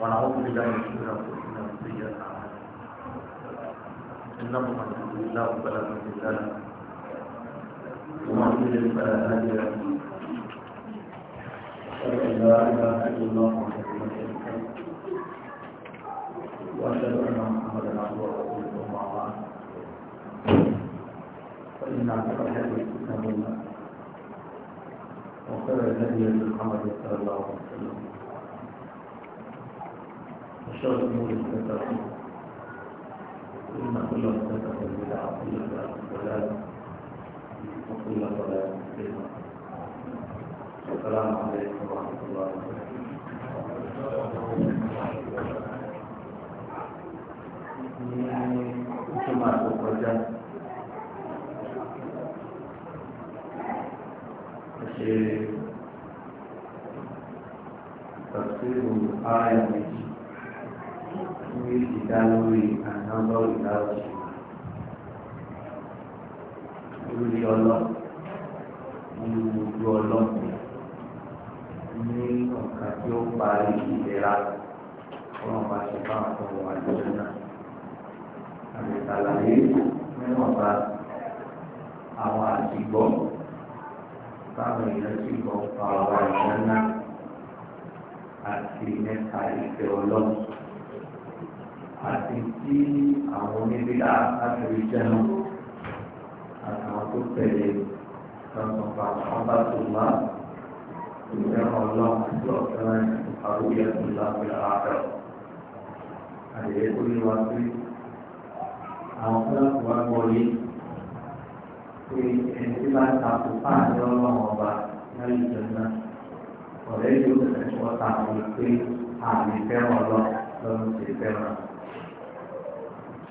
ونعوذ بالله من شرور انفسنا ومن سيئات اعمالنا انه من يهده الله فلا مضل له ومن يضلل فلا هادي له اشهد ان لا اله الا الله وحده لا شريك له واشهد ان محمدا عبده ورسوله اما بعد فان اعتقد الحديث كتاب الله وخير الهدي محمد صلى الله عليه وسلم شر الأمور محدثاتها إن كل محدثة بدعة وكل بدعة ضلالة وكل ضلالة في النار السلام عليكم ورحمة الله وبركاته ní ìtumọ̀ tó kọjá. Ṣé tàbí ìlú ààyè which is salary lórí ọlọ nínú ojú ọlọ́pàá ní ọ̀kan tí ó parí ìlera ọlọ́run bá ṣe bá àwọn ọmọ àdúgbò náà àmì ìsàlàyé níwọ̀nba àwọn àtìgbọ́ báwọn èèyàn ti gbọ́ pa àwọn àìsàn náà àti mẹ́ta ìfẹ́ ọlọ́run àti tí àwọn oníbílà láti jẹun àtàwọn tó tẹ̀lé lọ́sọ̀pá ọba tó wá ìfẹ́ràn ọlọ́run àti ọ̀fẹ́ràn àròyé tó lábẹ́ ààrẹ àyè olúwa sí àwọn fúlàfù wa wọlé pé ẹni tí bá ta kó páàdé ọlọ́run ọba láyé jẹun ọ̀rẹ́ yóò tẹ̀síwọ́ta àwọn pé àmì fẹ́ràn ọlọ́run lọ́run sì fẹ́ràn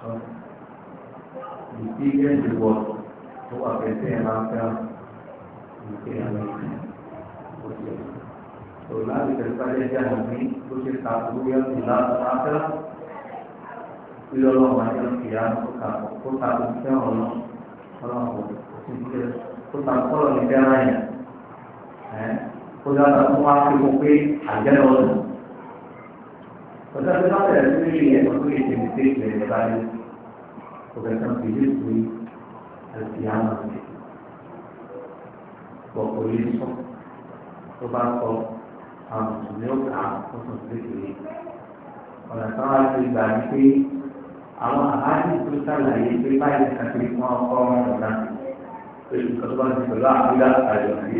the biggest reward tó wà pẹ̀sẹ̀ ẹ̀ máa fẹ́ ìpè àwọn ènìyàn ó ṣe tó láti tẹ̀síwájú ẹ̀jẹ̀ àwọn ní ó ṣe ta owó yẹn tó láti máa fẹ́ kí ọlọ́run àti ìyá tó ta tó ta tó fẹ́ ọ̀nà ọlọ́run kò sí ṣe tó ta kọ́lọ̀ ní fẹ́ ara yẹn ẹ̀ kó dáadáa tó wá fi kó pé àjẹ́ ọ̀nà ọ̀dọ́ tó bá bẹ̀rẹ̀ sí ní ìyẹn tó tó lè ṣe ní sí ìgbẹ̀rẹ̀ báyìí sobrevivir hoy al piano de Poco liso, tobaco, a musulmán, a musulmán, ọ̀nà tí wọ́n ti gbà ní pé àwọn àbájáde tó ṣàlàyé pé báyìí kàkiri fún ọkọ ọ̀nà oṣù kan tó bá ti pẹ̀lú àbúrò àjọ̀dí.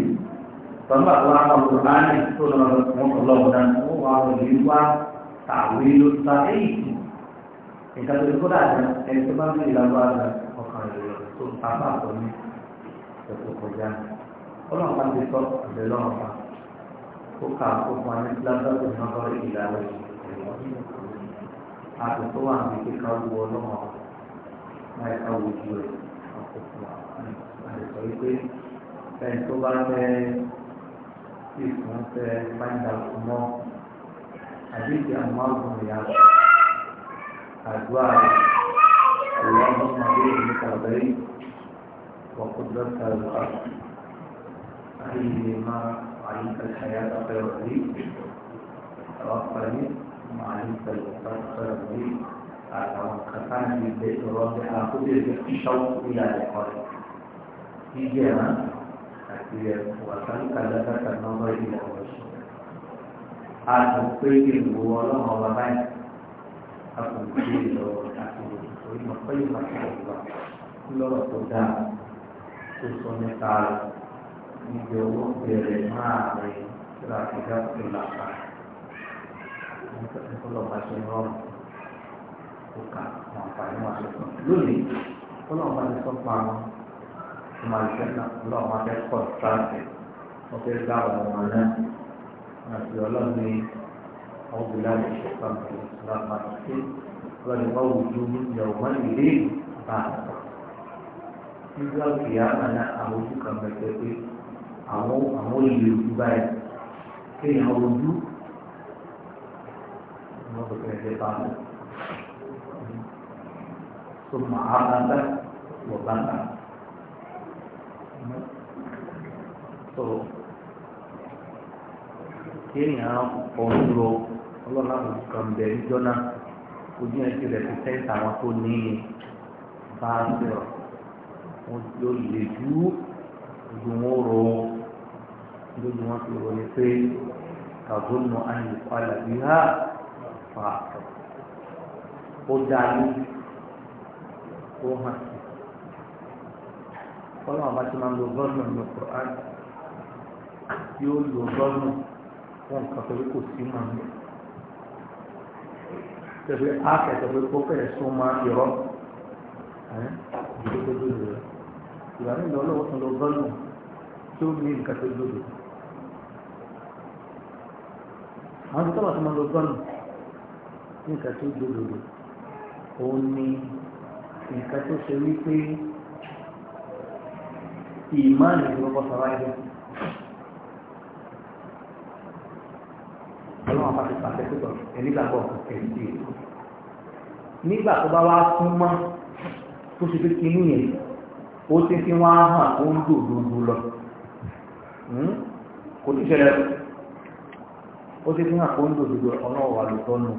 Bàbá àwọn ọmọ láàrin tó lọ́wọ́ wọn kọ̀ lọ́wọ́ náà wọ́n wà wọ́n lè wá tàwé ló sá èyí nǹkan tó kó dàgbà ẹni tó bá ń bèrè lágbára ọkàn rẹ̀ tó pápá àpò ní ẹ̀kọ́ kọjá ọlọ́run bá ti sọ ọ̀dẹ̀ lọ́run pa ó kà ó fún wa ní lágbàdo náà bá rí ìlànà àti tó wà ní kíkà wọ ọlọ́run láì ká wo ju ẹ̀ àkókò àìsọ wípé ẹni tó bá fẹ́ ìfún fẹ́ fáńdà fún mọ́ àdéhùn àwọn àgùn ìyá rẹ̀. الأدواء اللهم بإذنك الغيب وقدرتك الخلق أحيي بما علمت الحياة خير لي توفني ما علمت الوفاة خير لي وكفانا بالبيت الواضح قدر الشوق إلى لقائك في جهة وتلك لك النظر إلى وجهك أتوقيت الغوالة وضعك àpò ìdílé lọ àti orí ọ̀pọ̀ ìgbà tó wà wá lọ́rọ̀ tó dáa tó sọ nípa níbi owó bẹ̀rẹ̀ máa rẹ̀ tó rà tó dá tó là pa. Ọlọ́pàá ṣe ń rọrùn tó kà àwọn àǹfààní wọn ṣe fún un. Lónìí, ọlọ́pàá ti sọ pa wọn. Ìmọ̀ ìṣẹ́nà ọlọ́pàá fẹ́ kọ̀ sáàtì. Wọ́n fẹ́ gbá ọmọ wọn náà. Àti ọlọ́run ní أعوذ بالله من الشيطان الرجيم بسم الله الرحمن الرحيم ولقوا وجوه يومئذ بعد nígbà tí a máa ná àwọn ojú kan bẹ̀rẹ̀ pé àwọn àwọn olè ojú báyìí kéèyàn ojú wọn kò fẹ́ẹ́ fẹ́ bá wọn. tó máa bá wọ bá tó kéèyàn ọ̀hún lọ ọlọ́run àwọn kan bẹ̀ ń jọ́nà ojú ẹ̀jẹ̀ rẹ̀ ti tẹ́ǹtà àwọn tó ní bá a sọ̀rọ̀ wọn yóò lè ju ojú wọn rọ lójú wọn ti rọ ni pé kàbónú àyùkọ́ àlàbí ha fà ó dání ó hàn sí kọ́lọ́ àwọn ti máa ń lo gọ́ọ̀nù ní ọkọ̀ á yóò lo gọ́ọ̀nù fún nǹkan tó kò sí màmí tẹ̀fẹ́ akẹ́tẹ̀fẹ́ kó fẹ́ súnmọ́ ìrọ́ ìdílé tó dòdò rẹ̀ ìwà nílò ọlọ́wọ́ tó lọ gọ́ọ̀nù tó ní nǹkan tó dòdò àwọn tó wà tó máa lọ gọ́ọ̀nù nǹkan tó dòdò òun ni nǹkan tó ṣe wípé ìmáàlì ló kọ́ sọ́ra ẹ̀dọ́. ọlọ́run bá ti pàṣẹ pípọ̀ ẹ̀nígbàgbọ́ ẹ̀ńdí nígbà tó bá wá fún mọ́ tó ṣe pé kinní yẹn ó ti fi wá hàn ó ń dò gbogbo lọ hmm? kò tí ṣẹlẹ̀ ó ti fi hàn ó ń dò gbogbo ọlọ́run wà lóòótọ́ nù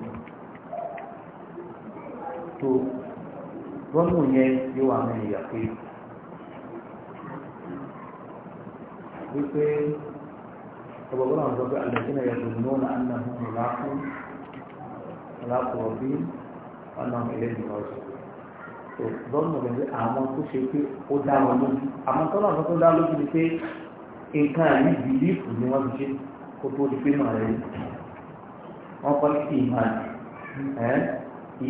tó rọ́nù yẹn yóò wà ní ìyà pé wípé ọgbọ̀gbọ́n àwọn ọ̀dọ́gbẹ́ àlẹ́gbẹ́nà yẹ̀dùn lónà ànàmù ìlàkù ìlàkù ọ̀bí ọ̀nàmù ìlẹ́gbẹ̀ẹ́ ọ̀sẹ̀ tó lọ́nà ọ̀gbẹ́ àwọn tó ṣe pé ó dá wọn lójú àmọ́ tọ́lá ọ̀sán tó dá lójú ni pé nǹkan àní bìlífù ni wọ́n ti ṣe kó di pé mà rẹ̀ wọ́n kọ́ ní ìmáàlì ẹ̀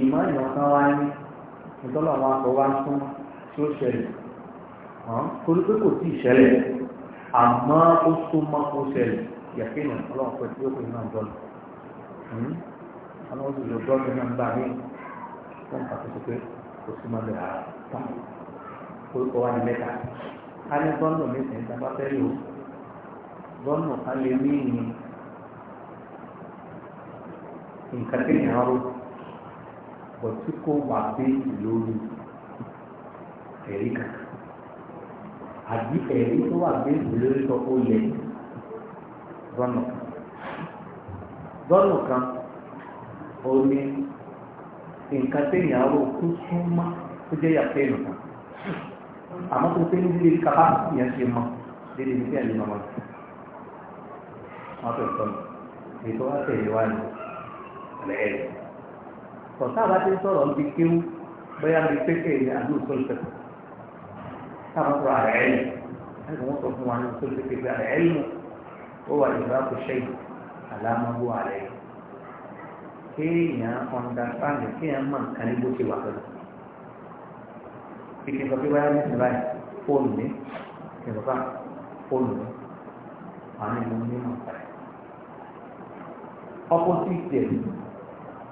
ìmáàlì wọn kan wá ní ìtọ́lọ̀ wọn akọ wá sún tí ó ṣẹlẹ̀ torí pé kò tí àmọ́ ó súnmọ́ kó ṣẹlẹ̀ yàtìnà ọlọ́run pẹ̀ tí ó pè náà dọ́là hmm? ọlọ́run sì lọ dọ́là náà gbà mí wọ́n pàtàkì pé kò súnmọ́ bẹ̀rẹ̀ ara tán orúkọ wa ní mẹ́ta a ní gọ́nà mẹ́sàn-án ìjàmbá fẹ́ lò gọ́nà a lè ní ìyìn nǹkan tí ìyàn rò bọ̀ tí kò wà bí ìlú ẹ̀rí kankan àbí ẹ̀rí tó wà bí ìlórí sọ ó yẹ dọ́nà dọ́nà kan ó ní nǹkan téèyàn rò kú súnmọ́ tó jẹ́ yàtọ̀ ẹ̀nù kan àmọ́ tó pé níbi lè kápá ìyẹn ṣe mọ́ lédè ní kí ẹ̀yìn ọmọ wọn fẹ́ sọ̀rọ̀ ètò wa tẹ̀lé wa ni lẹ́ẹ̀rẹ́ sọ̀tà bá ti sọ̀rọ̀ ń kéwú bóyá ń bi ní àdúgbò tó táwọn sọ àrẹ ẹ̀lì ẹ̀lì wọ́n sọ fún wa ní tó tètè pé àrẹ ẹ̀lì ó wà ìgbà kò ṣe àlámọ́gbó àrẹ kéèyàn understand kéèyàn mọ̀ nǹkan ní bó ṣe wà pẹ̀lú kìkì sọ pé báyà ní ìsìn báyìí fóònù ní ìrọ̀bá fóònù ní àwọn ìlú mímọ̀ opposite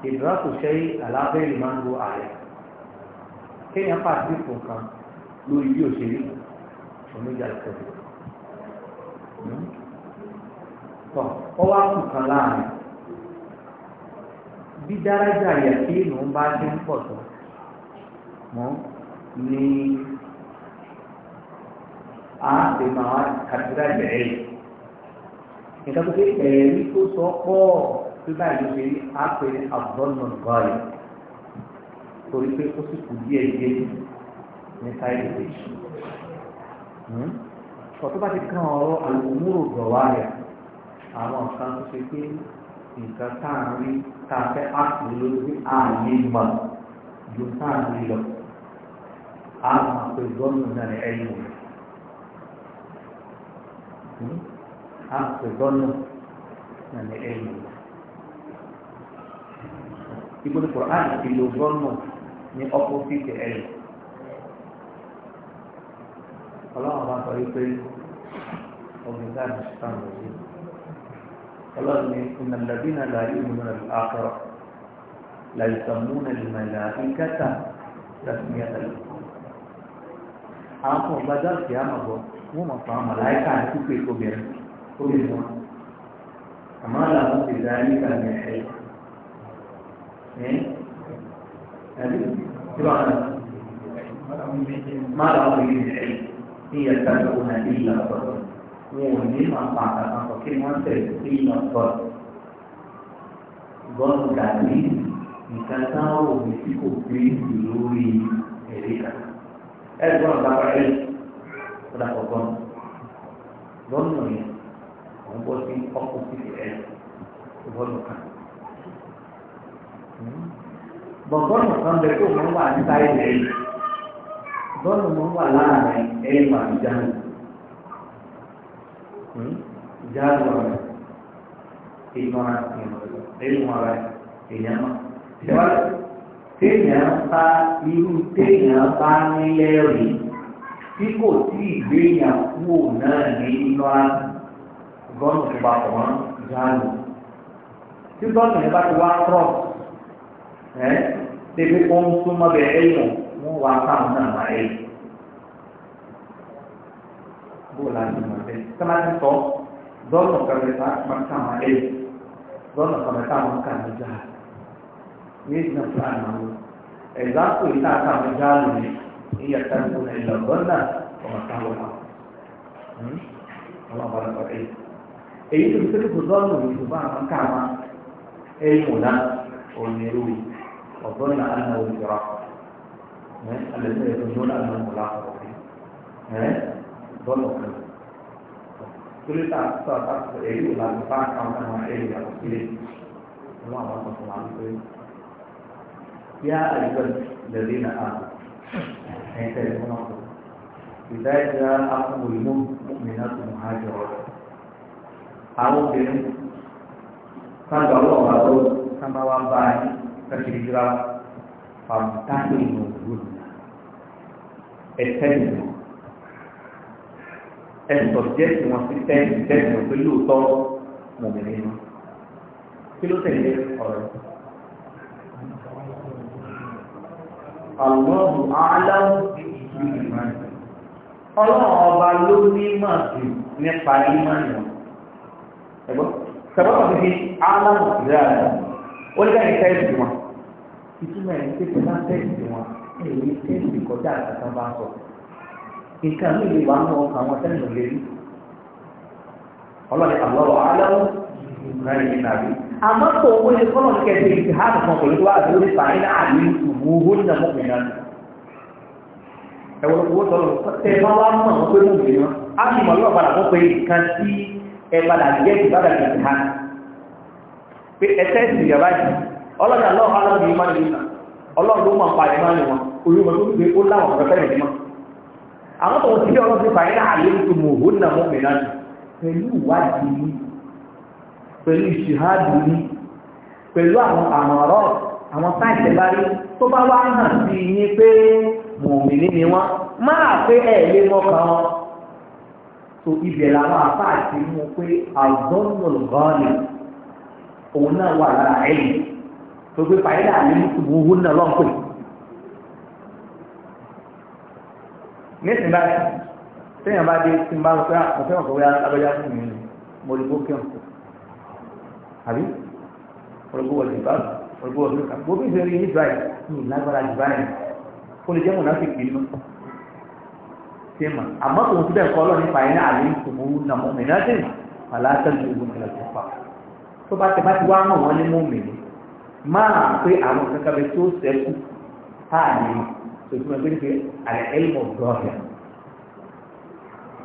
ìdúrà kò ṣe àlábẹ́ ìlú máa ń lo àrẹ kéèyàn pàṣípò kan lórí bí òṣèré oníjà ìkọ̀wé. Hmm? tọ́ ọ wá kù kan láàrin bí dáradà yàtí ìlú ń bá dé ń pọ̀ tó mọ́ ni a ti máa kàdúrà bẹ̀rẹ̀ nǹkan tó ké ẹ̀rí tó sọ pọ̀ tó báyìí ló ṣe á pè ní abdomen goy torí pé ó sì kù díẹ̀ díẹ̀ ní sáyẹ̀dì kejì ọ̀tọ́ bá ti kan ọ̀rọ̀ àlùmúrò gbọ̀wá rẹ̀ àwọn nǹkan tó ṣe pé nǹkan tá à ń rí tá a fẹ́ áàpù lórí ààyè mọ̀ ju tá à ń rí lọ àwọn àpè gọ́ọ̀nù náà ní ẹ̀yìn rẹ̀ hmm? àpè gọ́ọ̀nù náà ní ẹ̀yìn rẹ̀ ìgbóni kọ̀ọ̀án ìlò gọ́ọ̀nù ní ọ́pọ́sìtì ẹ̀yìn. الله عن طريقي ومن ذلك الشيطان الرجيم قال إن الذين لا يؤمنون بالآخرة لا يسمون الملائكة تسمية الأخرى آخر بدأ قيامه هو مصطفى ملائكة عن كل كبير كبير أما لهم في ذلك من حيث ما لهم من حيث يتبعون إلا الضرر ولما بعد ما فكر وانت إلا الضرر gbọ́dọ̀ dàbí nǹkan táwọn òbí tí kò gbé ìlú lórí ẹ̀rí kan. ẹ gbọ́dọ̀ bá wà lẹ́yìn tó dà kọ̀ọ̀kan lọ́nà yẹn wọ́n bọ́ sí ọkọ̀ títí ẹ̀ gbọ́dọ̀ kan. bọ̀gbọ́dọ̀ kan bẹ tó máa ń wà níta ilẹ̀ yìí lọ́nà mọ́ wà láàrin ẹ̀mà ìjánu ìjánu rẹ̀ ìmọ̀ràn ìmọ̀ràn èèyàn mọ̀ téèyàn bá irú téèyàn bá nílẹ̀ rí tí kò tí ìgbéyàn kúrò náà ní iná gọ́nù tó bá pọ̀ mọ́ ìjánu tí gọ́nù yẹn bá ti wá rọ̀ ẹ́ tẹ́lẹ̀ ó ń súnmọ́ bẹ̀rẹ̀ ẹ̀yàn wọ́n wá fáwọn náà láyé bó la ti mọ̀ pé sábà ti sọ dọ́ọ̀nù kàmẹ́ta máa ń kàwọn ayé dọ́ọ̀nù kàmẹ́ta máa ń kàwọn ìjà ní ìdílé fúlàní máa ń lò ẹ̀dáàpò yìí náà kàwọn ìjà lò ní ìyá tẹ́lifù ní lọ́gọ́nà ọ̀mọ̀ táwọn wà ọmọ bàbá rẹ̀ èyí tó fi kó dọ́ọ̀nù yìí bá àwọn kàwọn ẹ̀yìn wò náà òní rú ọ̀dọ́nà àná òmìnira. الذين يظنون انهم ملاقوا ظنوا كل تعب تعب ايه ولا تعب كم كم ايه يا رسول الله ما صلى الله عليه يا ايها الذين امنوا انت يكون اذا جاءكم المؤمنات مهاجرات او بهم كان الله ما كان ما وان باي فكيرا فامتحنوا ẹ̀sẹ̀yìn ẹ̀sọ̀ díẹ̀ tí wọ́n ti tẹ́ ìtẹ́sùn pé lóòótọ́ mọ̀mìnrin wọn kí ló tẹ̀lé ọ̀rọ̀ Allahu a'lam ọlọ́run ọba ló ní máa sì nípa ní máa yàn ẹ̀gbọ́n sọ̀rọ̀ kọ̀ọ̀kan fi aláwọ̀ ìlera rẹ̀ ó ní ká ní tẹ́sùn wọn ìtumọ̀ ẹ̀ pé kí wọ́n tẹ̀sí wọn èyí tẹ̀sí kọjá àtàkùn bá sọ. nǹkan mi lè wà nù ọkàn àwọn tẹ́lẹ̀ lè rí ọlọ́ni àlọ́wọ́ aláwọ̀ rẹ̀ ní nàbí. àmọ́ kò owó ilé kọ́nà ní kẹsì ìdí ha nìkan pẹ̀lú tó wà lórí fàáyín náà àbí ìwúwo ní ọmọ mi náà. ẹ̀wọ̀n owó sọ̀rọ̀ tẹ ẹ wá mọ̀ wọ́n pé mú mi wọn. a sì mọ̀ lọ́wọ́ padà fún pé nǹkan tí ẹ padà jẹ́ ìbára ìgbà ha. pé ẹ tẹ́sí ìjọba yìí ọlọ́dà lọ́wọ́ alábi ìmá ní ìlà ọlọ́dà ó máa pa ìmá ní wọn olúmọ tó ó láwọn ọ̀rọ̀ fẹ́rẹ̀ nímọ̀ àwọn tó ti tó mọ̀ pẹ̀lú ìwádìí pẹ̀lú pẹ̀lú àwọn àmọ̀rọ̀ àwọn bá rí tó bá wá hàn sí pé máa pé ẹ̀ gbogbo fàyídà ní mùsùlùmí wúwú náà lọ́pẹ́ nísìnyí báyìí sẹ́yìn bá dé tí n bá ah, fẹ́ ọ̀fẹ́ ọ̀fẹ́ wíyá abẹ́yá fún mi mo lè gbó kíọ̀n àbí olùgbò wọlé bá olùgbò wọlé ká gbogbo ìṣẹ́ rí nígbà yìí ní ìlágbára ìgbà yìí kó lè jẹ́ mọ̀ láti kì í nù ṣé mà àmọ́ tó ń síbẹ̀ kọ́ lọ nípa yẹn àlè mùsùlùmí náà mọ̀ mí náà dé mà láti tẹ́lẹ̀ ìgbòmọ̀ ìlàjọ̀pá tó bá tẹ bá ti wá mọ̀ wọ́n ní mọ̀ mí ní máa pé àwọn kankan bẹ tó sẹ́kù táàní tòtúmọ̀ pé nípe àlẹ́ ẹlmọ̀ gbọ́dọ̀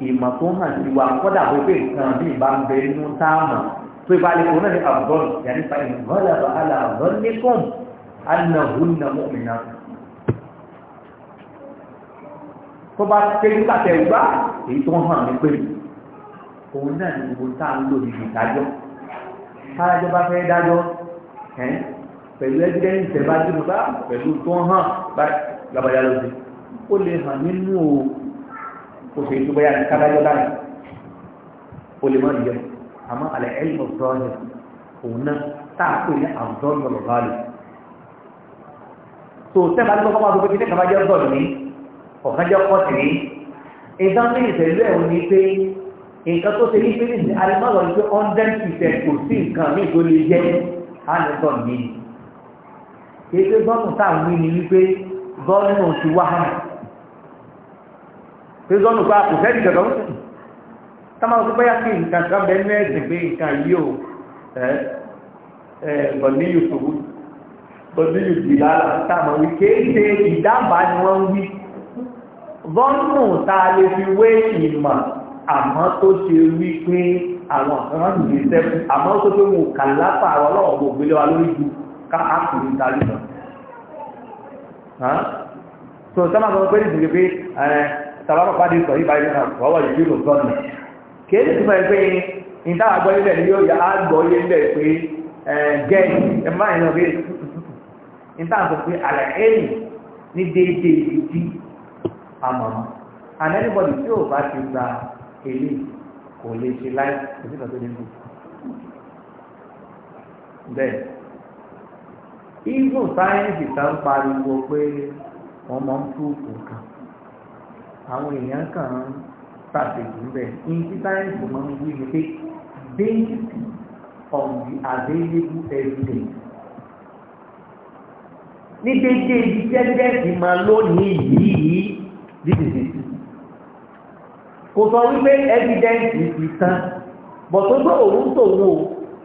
ìmọ̀ tó hàn sí wa kọ́dà bó pé nǹkan bí ìbá ń bẹ nínú táàmù tó ìbá lè kó náà ní àbọ̀n yàrá ìfà ìmọ̀lá bàálà àbọ̀n ní kọ́m anahun na mọ́mìnà. tó bá ké nígbà gbá èyí tó hàn ní pé òun náà ní gbogbo táà ń lò ní ìdájọ́ pẹ̀lú ẹ́dídẹ́ǹtì ẹ̀ bá dínú bá pẹ̀lú tó ń hàn bá labalẹ̀ lọ sí ó lè hàn nínú oṣù ètò bóyá ní kádájọ́ dáná ó lè má dìjọ́ àmọ́ àlẹ́ ẹ̀yìn ọ̀dọ́ọ̀yẹ̀ òun náà tá a pè ní àbùdọ́ọ̀yẹ̀ lọ́ba lò tó sẹ́ka tó kọ́ máa tó pé kíkẹ́ kàbá jẹ́ bọ́ọ̀lù ní ọ̀kan jẹ́ kọ́ọ̀tì ní ìdán ní ìtẹ̀lú ẹ̀ ní pé nǹkan tó ṣe ní pé ní àrẹ́mọ́lọ́ ní pé 100% kò sí nǹkan ní kìí ṣe gọ́ọ̀nù tá à wí ni wípé gọ́ọ̀nù ti wá hàn pé gọ́ọ̀nù pa kò fẹ́ dìgbà kan táwọn ọdún bóyá kí nǹkan kan bẹ ní ẹ̀sìn pé nǹkan yìí ò bọ̀dí yóò ṣòwò bọ̀dí yóò dì lára táwọn wí kìí ìdábàá ni wọ́n ń wí gọ́ọ̀nù tá a lè fi wé ìmọ̀ àmọ́ tó ṣe wí pé àwọn kan ń gbé sẹ́kù àmọ́ tó pé mo kà àwọn ọlọ́wọ́ lórí ju ká ákùnrin dalí lọ so sábà sọ pé nìyí pé tàbárọ̀ pàdé sọ yí báyìí náà wọ́n wà yìí ló sọ́nà kéèdè tó máa pé ìdáwà gbọ́ nílẹ̀ ni yóò yà á gbọ́ yé nílẹ̀ pé gẹ́ẹ̀ì ẹ máa yàn pé ìdáwà sọ pé àlẹ́ ẹ̀yìn ní déédéé ìdí àmọ̀ràn and anybody tí ò bá bẹ́ẹ̀ even sáyẹ́ǹsì tá ń pariwo pé wọ́n mọ̀ ń púùpù kan àwọn èèyàn kan ń pàṣẹjù ń bẹ̀ ní tí sáyẹ́ǹsì mọ̀ ń wí ni pé based on the available evidence ní dédé ibi tí ẹ́dẹ́ẹ̀dì máa lónìí yìí dídìdì kò sọ wípé evidence ti tán bọ̀ tó gbọ́ òun tòun o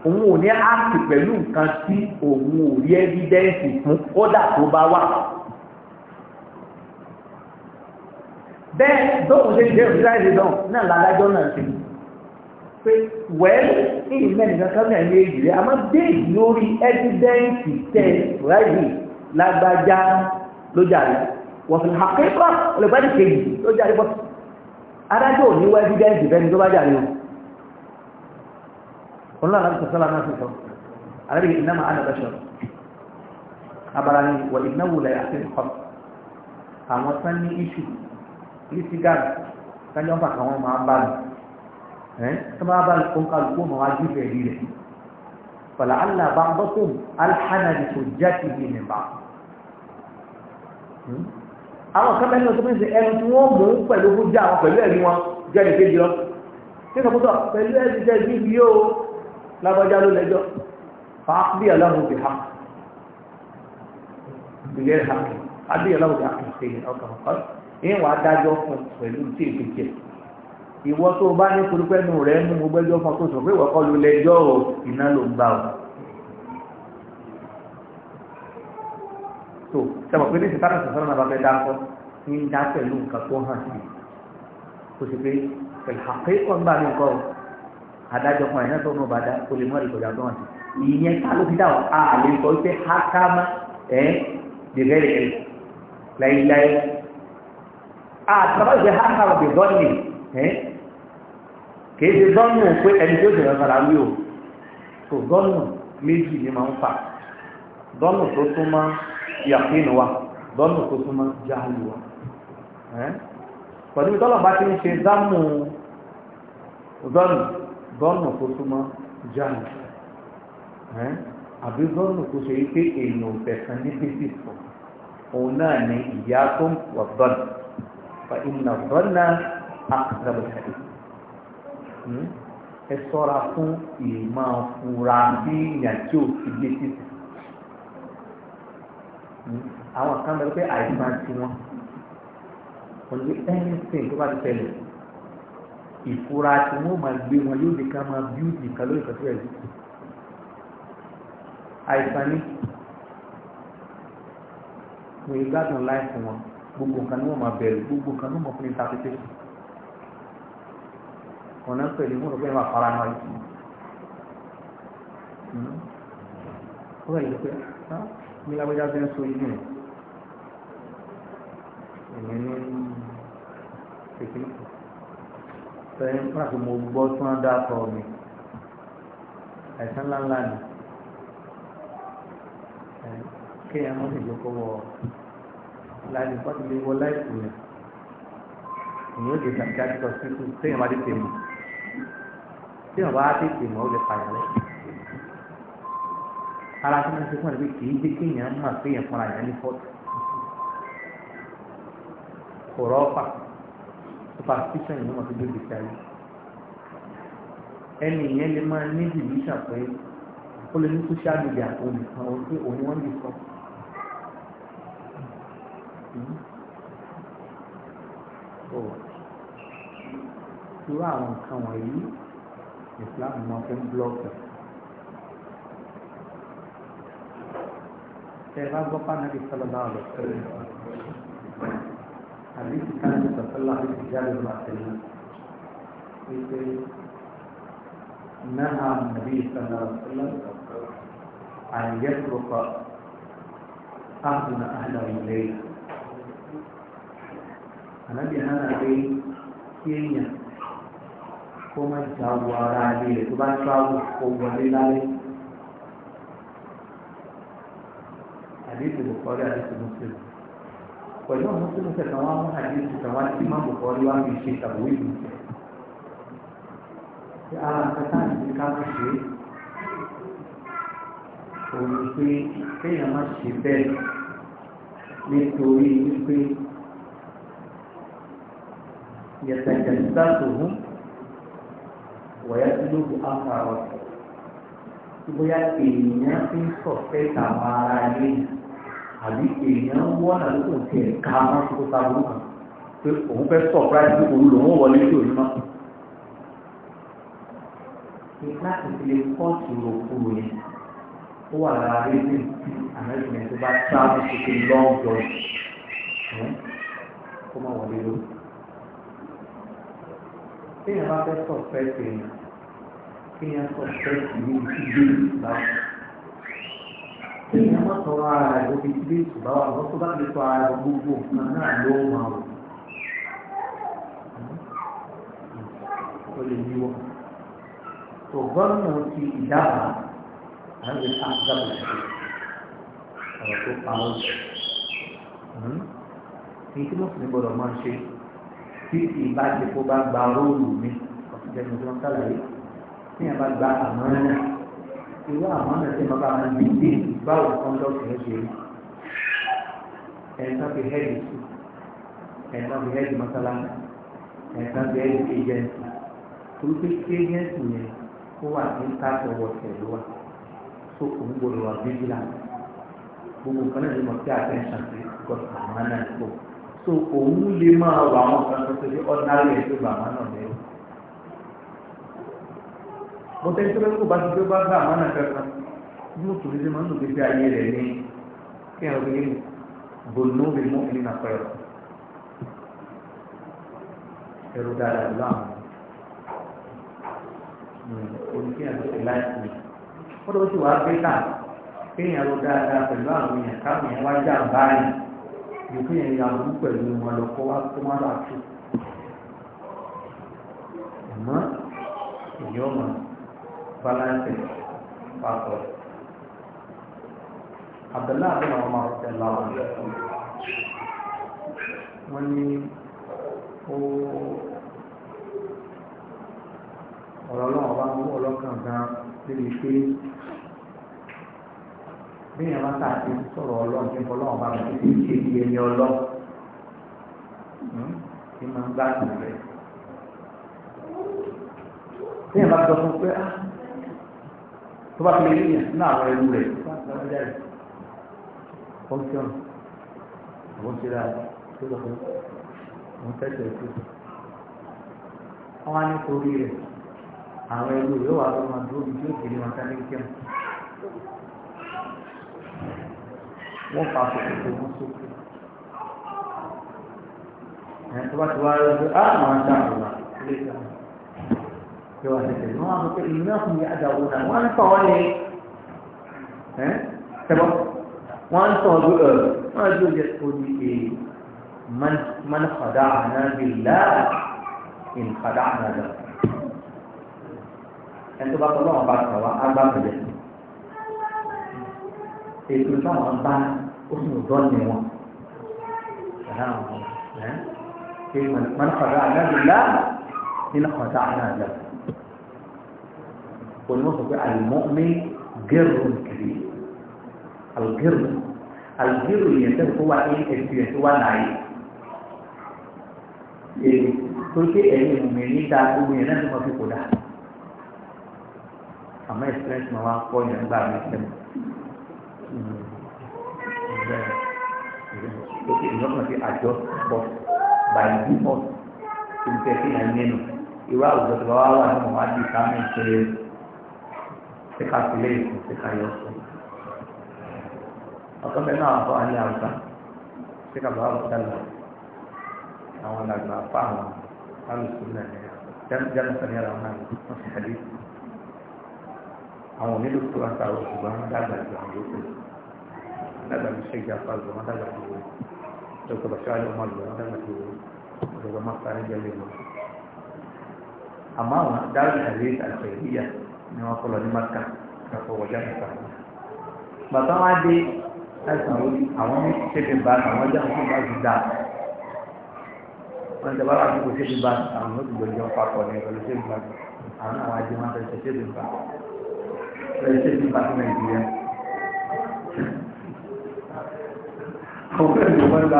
òun ò ní áàpì pẹ̀lú nǹkan tí òun ò rí ẹ́fídẹ́ǹsì fún kódà tó bá wà. bẹ́ẹ̀ dókun ṣe jẹ́ ìdíláìsì náà náà ládájọ́ náà ṣe pé wẹ́ẹ́ ní ìmẹ́nìkan kọ́nà ní èyí rẹ̀ àmọ́ déèdì lórí ẹ́fídẹ́ǹsì tẹ̀ ráìlì lágbájá ló jàre wọ́n fi hàkẹ́kọ̀ọ́ ah, olùgbàdì kejì ló jàre bọ́ ọlọ́run láti sọ́sọ́lá náà sọ àrẹ́bí iná máa dàbẹ́sọ̀ abara ni wọ ìnáwó lẹ́yà sí ọ̀p àwọn tán ní iṣu ní sígáàrì tájọ́ ń fà káwọn máa bá lọ ẹ́ tó máa bá lọ kóńkà lóko máa wá jù bẹ̀rẹ̀ rẹ̀ fọlá allah bá ń bọ́ tó alhánàdì tó já ti di nìbà hmm? àwọn kan bẹ́ẹ̀ ní ọdún mẹ́sẹ̀ ẹnu tí wọ́n mú pẹ̀lú ojú àwọn pẹ̀lú ẹ̀rí wọn jẹ́ ní kéjì lọ kí ni kò tó pẹ̀lú ẹ̀rí jẹ́ bí yóò lábọ́já ló lẹ́jọ́ fàábí aláhùn bí ha ìlẹ́ ha àbí aláhùn bí ha kì í ṣe ọkàn ọkàn ìyẹn wàá dájọ́ fún pẹ̀lú tí èkó jẹ ìwọ tó bá ní kurupẹ́nu rẹ mú mo gbẹ́jọ́ fún ọ tó sọ pé ìwọ kọ́ ló lẹ́jọ́ o iná ló ń gbà o. tó sábà pé ní ìsìnkánná sọ̀rọ̀ náà bá fẹ́ dáńkọ́ ní dá pẹ̀lú nǹkan tó hàn sí i kò sì pé pẹ̀lú àpékọ̀ ń bá mi kọ́ adájọ́ fún àyìnbá tó ń bá dá kó lè mọ ìkọjá tó hàn sí ìyẹn ká ló fi dá ọ a lè sọ wípé hákámá ẹ dèrè ẹ láíláí àtàwọn ìgbé hákámá bè dọ́ọ̀nì ẹ kì í ṣe dọ́ọ̀nù pé ẹni tó jẹ̀rọ fara wí o tó dọ́ọ̀nù méjì ni máa ń fà dọ́ọ̀nù tó tún máa yàpín wa dọ́ọ̀nù tó tún máa jáàlù wa pẹ̀lú ìtọ́lọ̀ bá ti ń ṣe dámù dọ́ọ̀nù zọ́nà tó súnmọ́ jáàmù àbí zọ́nà tó ṣe wípé èèyàn òtẹ̀kan ní bíbí sọ òun náà ni ìyá tó ń wà zọ́nà fa ìnà zọ́nà àkàtàbọ̀tàdé hmm? ẹ sọ́ra fún ìmọ̀ fura bí ìyàn tí ò fi gbé títì hmm? àwọn kan lọ pé àìsàn tiwọn kò ní ẹni sìn tó bá ti tẹ̀lé ìfura tí wọ́n máa gbé wọn yóò di ká máa bíú nìkan lórí ìkàtúrà ẹ̀dí àìsàn ni wọ́n yóò gbádùn láìsí wọn gbogbo nǹkan ni wọ́n máa bẹ̀rù gbogbo nǹkan ni wọ́n máa fún ní tàbí tẹ́sí ọ̀nà pẹ̀lú wọn lọ́pẹ́ máa fara náà yìí hmm? ó wà yìí pé ah, mi lábẹ́já fẹ́ ń so yìí nìyẹn èmi ní pèkínìkù pé wọn àti mo gbọ́ tí wọ́n dákọ̀ mi àìsàn ńláńlá ni kéèyàn mọ́ níjọ kó wọ láti pàtó lè wọ láìpù yẹn ìyẹn ó di sàkíyàtì lọ sí kú téèyàn bá tètè mọ̀ téèyàn bá tètè mọ̀ ó lè pààyàn lẹ ara tí wọ́n ti fún ẹ pé kì í jẹ́ kéèyàn mọ̀ péèyàn fúnra yẹn ní fọ́tò kò rọ́ọ̀pà superstition ni wọ́n fi dé ìgbésí ayé ẹni ìyẹn lè máa ní division pé ó lè ní social media òun nìkan ó pé òun wọ́n lè sọ. irú àwọn nǹkan wọ̀nyí Islam máa fi ń blọ́ọ̀kì. Ṣé ẹ bá gbọ́ pàmò ìfọlọ́lá ọ̀rọ̀ sẹ́yìn? الله في بن عبد الله نهى النبي صلى الله عليه وسلم أن يترك أهلنا أهله الليل النبي هنا بين كينيا كما جاورا عليه كما جاورا قوة لله حديث البخاري حديث مسلم pẹ̀lú àwọn tó ń tẹ̀sán wọn mú àdéhùn tẹ̀wọ́n tí má bùkọ́ ló wá fi ṣe tàbí ìlú tí ara kẹta ìdí ká fi ṣe òun pé kéèyàn má ṣe bẹ́ẹ̀ nítorí wípé yẹ̀tẹ̀jẹ̀ nígbà fi ń sọ̀fẹ́ àbí èèyàn wọ́n náà lókùn tí ẹ̀ ká máa ń kókó sábúrú kan pé òun fẹ́ sọ̀práìsì tó kòrò lòun wọlé tí òun náà. láti fi lè kọ́ ìṣòro kúrò yẹn ó wà lára rédíò tí àmẹ́sìmẹ́ tó bá sáábù sókè lọ́ọ̀dọ̀ kó má wọlé ló. téèyàn bá fẹ́ sọ̀práìsì èèyàn kéèyàn sọ̀práìsì ní ìdílé ìgbà tí ìyá má sọ ara rẹ̀ ló fi gbé ìtura wa lọ tó bá lè sọ ara rẹ̀ gbogbo nǹkan náà ló máa wò. ó lè yí wọ. tó gọ́nà ti ìdábàá àti àgbàbọ̀ ọ̀rọ̀ tó pa ọ́ ní tí mo sì ní máa ṣe tí ìbáṣepọ̀ bá gba róòlù mi ọ̀sìn tó ń sàlàyé tí ìyá bá gba àmọ́ náà irú àwọn ọ̀nà tí mo bá máa di dé báwo kọ́ńdọ́ọ̀tì ẹ̀ ṣe rí ẹ̀ẹ́dá fi hẹ́ẹ̀dì sí ẹ̀ẹ́dá fi hẹ́ẹ̀dì mọ́sálásí ẹ̀ẹ́dá fi hẹ́ẹ̀dì ẹjẹ́ǹtì torí pé ẹjẹ́ǹtì yẹn ó wà ní káàtó wọ̀tẹ̀ ló wà tó kò ń gbọdọ̀ wà bíbélà gbogbo nǹkan náà ló mọ̀ sí àtẹ̀ǹṣà sí gọ́sì àmọ́ náà tó so òun lè máa wà àwọn kan tó ṣe ọ́dínárì ẹ̀ tó bọ́tẹ́ tí wọ́n kó bá ti tó bá gbà àmọ́ náà kankan bí mo tòlé ṣe máa ń lò gbèsè ayé rẹ̀ ní kí ẹ̀rọ gbé gbòòló rẹ̀ mọ́ ìlú nàpẹ́ rẹ̀ ẹ̀rọ dáadáa lọ àwọn hmm, oníkéyàn tó ti láìpẹ́ ó lọ́wọ́ sì wàá gbé tà kéèyàn lọ dáadáa pẹ̀lú àwọn èèyàn káwọn èèyàn wájú àbáyé yòókù yẹn ya wú pẹ̀lú wọn lọ kọ́ wá kó má bàa tó àmọ́ èèyàn máa balances papọ̀. Abdullahi bin Umar sallallahu alaihi wasallam wọ́n ní ó ọ̀rọ̀ ọlọ́run bá mú ọlọ́kàn gan lébi pé bí ìyẹn bá tàbí sọ̀rọ̀ ọlọ́run tí ọlọ́run bá mú títí ṣe di ẹni ọlọ́run hmm? tí máa ń gbádùn rẹ̀. bí ìyẹn bá sọ fún pé ah, tó bá fi lè rí yàn náà àwọn ẹrú rẹ̀ fọ́nkíọ̀n àwọn ṣe ra tó lọ fún un tẹ́tẹ̀ tó wọ́n á ní torí rẹ̀ àwọn ẹrú rẹ̀ wà lọ́wọ́ dúró bí tí ó kiri wọn sáré kíọ̀n wọ́n fa àkókò tó wọ́n sókè ẹ̀ tó bá ti wá rẹ̀ á máa dá àwọn ilé ìjọba. يوحدهم وأنا إنهم يأدعون وأنا طوالي ها تمام وأنا طوالي رجل يقول لي من من خدعنا بالله إن خدعنا له أنت بقى الله بعد سواء أربع سنين ètò táwọn ń bá oṣù dọ́ọ̀nì wọn ṣàlá àwọn ọmọ ẹ ṣe mọ̀nàkọ̀dá àdájọ́ lá nínú kọ̀dá àdájọ́. onímọ̀sọ̀pẹ́ àlùmọ́mí gẹ́rù kiri algẹ́rù algẹ́rù yẹn tẹ́lẹ̀ tó wà ní ẹ̀sìn tó wà láàyè èyí tó ṣe ẹ̀yìn ìmọ̀ ní ta gbogbo yẹn náà tó mọ̀ fi kò dá àmọ́ experience máa wá kọ́ yẹn nígbà mi sẹ́mu ìyọ́kùnrin fi àjọ bọ̀ by default ìtẹ̀sí yẹn nínú ìwà àwùjọ tó bá wà wà ní mọ̀ wá di ká mẹ́rin ṣe é. tí ká sílé ìkùn tí ká yọ sí ọ̀tọ́ bẹ́ẹ̀ náà fọ́ alẹ́ àgbà tí ká bàbá bàbá lọ àwọn àgbà apá àwọn alùpùpù náà ní jẹ́nu sani ara wọn àgbà wọ́n sì tẹ̀lé àwọn onílù tó wá sáré ṣùgbọ́n wọ́n dàgbà ju àwọn yòókù dàgbà ju ṣe ìjà fáwọn wọ́n dàgbà ju wọ́n dọ́kítọ̀ bàṣẹ́ alẹ́ wọn lọ wọ́n dàgbà ju wọ́n dọ́kítọ̀ máa sáré jẹ́ lé wọn àmọ́ àwọn dáhùn àlè àṣẹ ìyá ni wọ́n kọ́ lọ ní maka kàfọ́ wọ̀já nìkan. bàbá wa dé láìsàn orí àwọn ní ṣẹ́bi bá àwọn ọjà wọn bá ti dà wọ́n ti bá wà ní kò ṣẹ́bi bá àwọn ní kò gbẹ̀jọ́ papọ̀ ní ìrọ̀lẹ́ ṣẹ́bi bá àwọn àwọn ajé wọn fẹ́ ṣẹ́bi bá fẹ́ ṣẹ́bi bá fún nàìjíríà. àwọn fẹ́ẹ́ ní wọ́n bá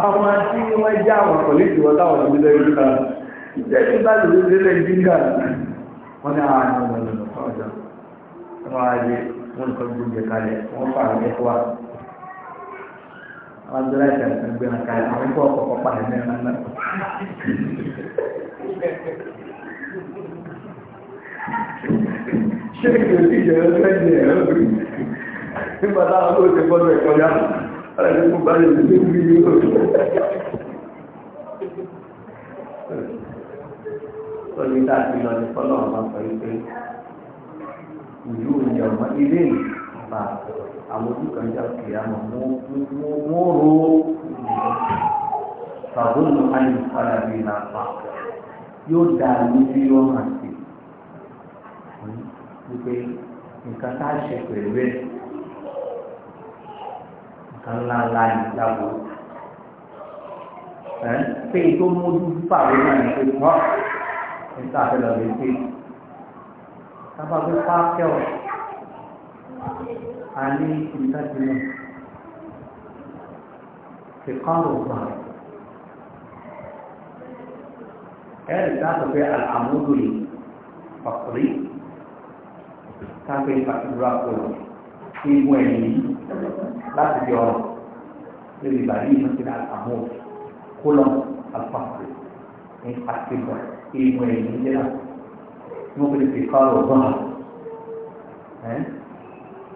àwọn tí wọ́n já àwọn kọ̀lẹ́tì wọn táwọn ọ̀dọ́ wọ́n ní àwọn àwọn ọmọ ìlú ọjọ́ wọ́n á yẹ wọ́n ní kọ́jú oúnjẹ kalẹ̀ wọ́n fà á lẹ́kọ́ wa àwọn ọjọ́ láìka ìsìn gbé wọn kalẹ̀ àwọn ikú ọkọ̀ ọ̀pá ẹ̀ mẹ́rin náà. ṣé kí o ti yẹ ẹ lẹ́yìn ẹ̀ lórí nígbà táwọn olóòtú gbọ́dọ̀ ẹ̀kọ́ yá ọ̀rẹ́ tó kú bá yẹ kí o ti rí tó ní ká ti lọ ní kọ́lọ́ ọ̀ma sọ ìlú ìyá ọmọ ilé ìgbà àwọn ojú kan já kiri àmọ́ mo ro sàbónú ayé padà bí i náà pa yóò dá lójú yóò hàn sí wípé nǹkan tá a ṣe pẹ̀lú ẹ̀ nǹkan ńlá ńlá ní ìjábọ̀ ẹ̀ pé tó mójú fún àwọn náà ní pé wọ́n níta àfẹ́lọ́ lè pé sábà pé pákẹ́ ọ̀ a ní ìdájúmọ̀ kíkọ́rù gbà ẹ̀rì dáàbò pé àmúlò yìí ọ̀pọ̀rí káfíń pàtàkùrà pọ̀ ìmú ẹ̀yìn láti di ọ̀rọ̀ lórí ìbàdí ìmọ̀ sí àmúlò kólọ̀ àpapọ̀ ní ìmọ̀ ẹ̀yìn jẹ́ náà wọ́n fi fi kárọ̀ bá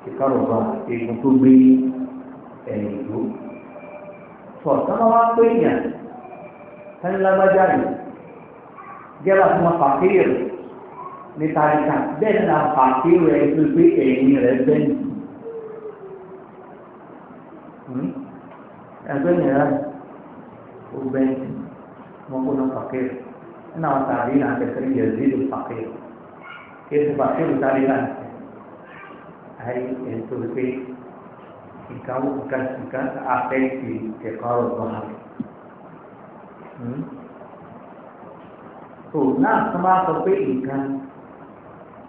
fi kárọ̀ bá egun tó gbé ẹ̀yìn tó. tọ̀ sábà wá pé èèyàn sani lágbájá rẹ̀ jẹ́wà tí wọ́n fà kéré rẹ̀ ní tàríkà bẹ́ẹ̀ ni a fà kéré rẹ̀ tó gbé ẹ̀yìn rẹ̀ bẹ́ẹ̀ hmm? ẹgbẹ́ nìyẹn ó bẹ́ẹ̀ wọ́n kó náà fà kéré تعليل عند الكريم يزيد الفقير كيف الفقير تعليل ಎಷ್ಟು هاي ತಾಲೀನ هل تلقي كو أعطيك في تقار الظهر تو نا سما تو پہ انکان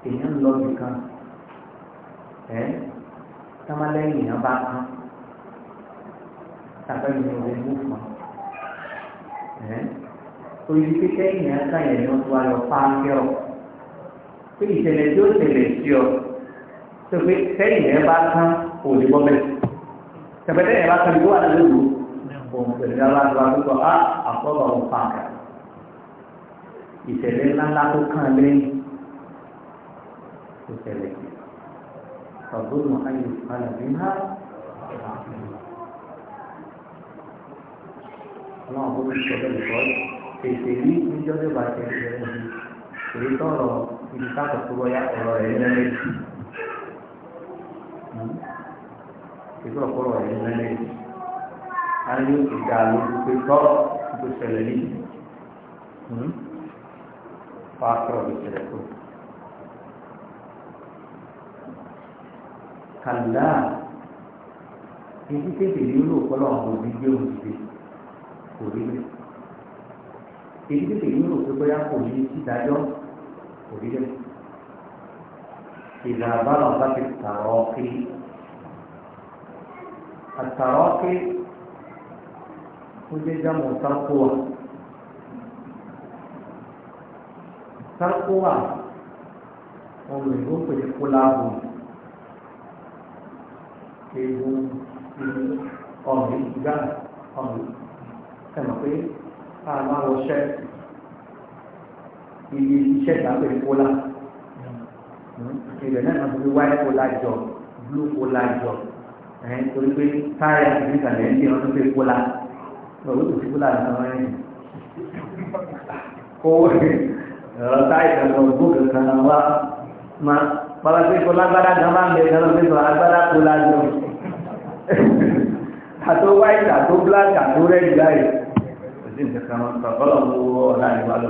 تین لوگ انکان ہے تمہارے یہاں بات ہے تاکہ یہ موومنٹ ہے torí pípẹ́ ìyẹn sáyẹn ni wọ́n ti wá lọ páńkẹ́ ọ̀ pé ìṣẹ̀lẹ̀ tí ó ṣẹlẹ̀ sí ọ tó pé sẹ́yìn yẹn bá tán kò lè bọ́ bẹ́ẹ̀ tẹ̀pẹ́tẹ́ yẹn bá tán ìgbó wà lóru òun pẹ̀lú aláàbò àdúgbò á àkọ́bọ̀ òun pàǹkà ìṣẹ̀lẹ̀ ńláńlá tó kàn lẹ́yìn tó ṣẹlẹ̀ sí ọ̀gbọ́n ayé alàbí ńlá àwọn àbúrò ìṣọ̀lẹ̀ ìṣọ̀lẹ̀ pèsè rí níjọ́ tó bá ti ṣe rẹ̀ ní èyí tọ̀rọ̀ ibi káàtó tó bọ́yá ọ̀rọ̀ rẹ̀ ní lẹ́lẹ́sì ìgbà ọ̀pọ̀lọ̀ rẹ̀ ní lẹ́lẹ́sì a ní ìgbà lójú pé tọ́ tó ṣẹlẹ̀ ní pásítọ̀ tó ṣẹlẹ̀ tó. kàlá ibi tètè ní olóòpọ̀lọ̀ ọ̀hún ní gbé òun ti kò rí bẹ́ẹ̀ èyí tètè yín rò pé bóyá kò ní ìdájọ́ kò rí dẹ́. ìlànà bá bá ti tààrọ̀ kí àtàrọ̀ kí ó jẹ́ jámọ̀ sáfùwà. sáfùwà ọmọ ìlú pè ní kóláàbù ewu ọmọ ìgbà ọmọ ẹ̀mọ̀ pé àmà ọ̀ṣẹ́ iye iṣẹ́ ìgbàgbé kólà ìrẹ̀ náà fi wáyé kólà jọ blú kólà jọ ẹ̀ torí pé táyà ìgbésà lẹ́yìn tí wọ́n tún fi kólà lọ́wọ́ tó fi kólà lọ́wọ́ ẹ̀yìn kó ẹ̀rọ táyà ìgbàgbọ́ gbókè kan wá máa pàlàsì kólà gbára gan máa ń bẹ gan lọ́wọ́ tó agbára kólà jọ àtọwáìtà tó bláàkì àtọrẹ́dì sí nǹkan kan wọn bàbá wo ọ̀la ìwà lọ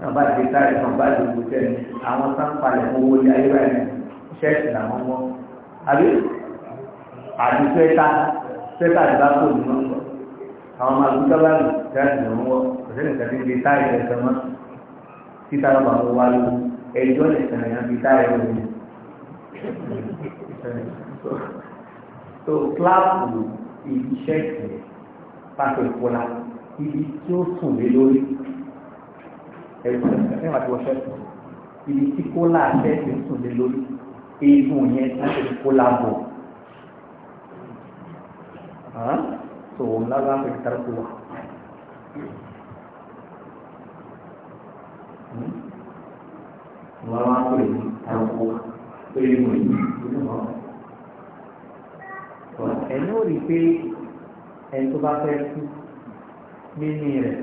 náà bá ti táyà kan bá ti gbòtẹ́ ni àwọn sáńpalẹ̀ owó ní ayé báyìí ṣẹ́ẹ̀sì làwọn mọ́ àbí àti sẹ́ta sẹ́ta ti bá kó nínú ọ̀sọ̀ àwọn máa gbé sábà lò jáde lọ́wọ́ wọ́ kò sẹ́ni ti di táyà ẹ̀sẹ̀ mọ́ títa lọ́ba wọn wá lóko ẹjọ́ nìkan ni wọ́n fi táyà ẹ̀ wọ̀ so kíláàsì ìṣẹ́ẹ̀sì pàṣẹ ìpọ́lá ibi tí ó sùn lé lórí ẹ̀rọ àti wọ́ṣẹ́ sùn ibi tí kólà àtẹ́sì sùn lé lórí eegun yẹn láti fi kólà bọ̀ tó o lára fi tẹ́lẹ̀ tó wà. wọ́n wá pè ní àrùkù pé eegun yìí nínú ọ̀rọ̀ ẹ̀yìn ò rí i pé ẹni tó bá fẹ́ sùn. nínú rẹ̀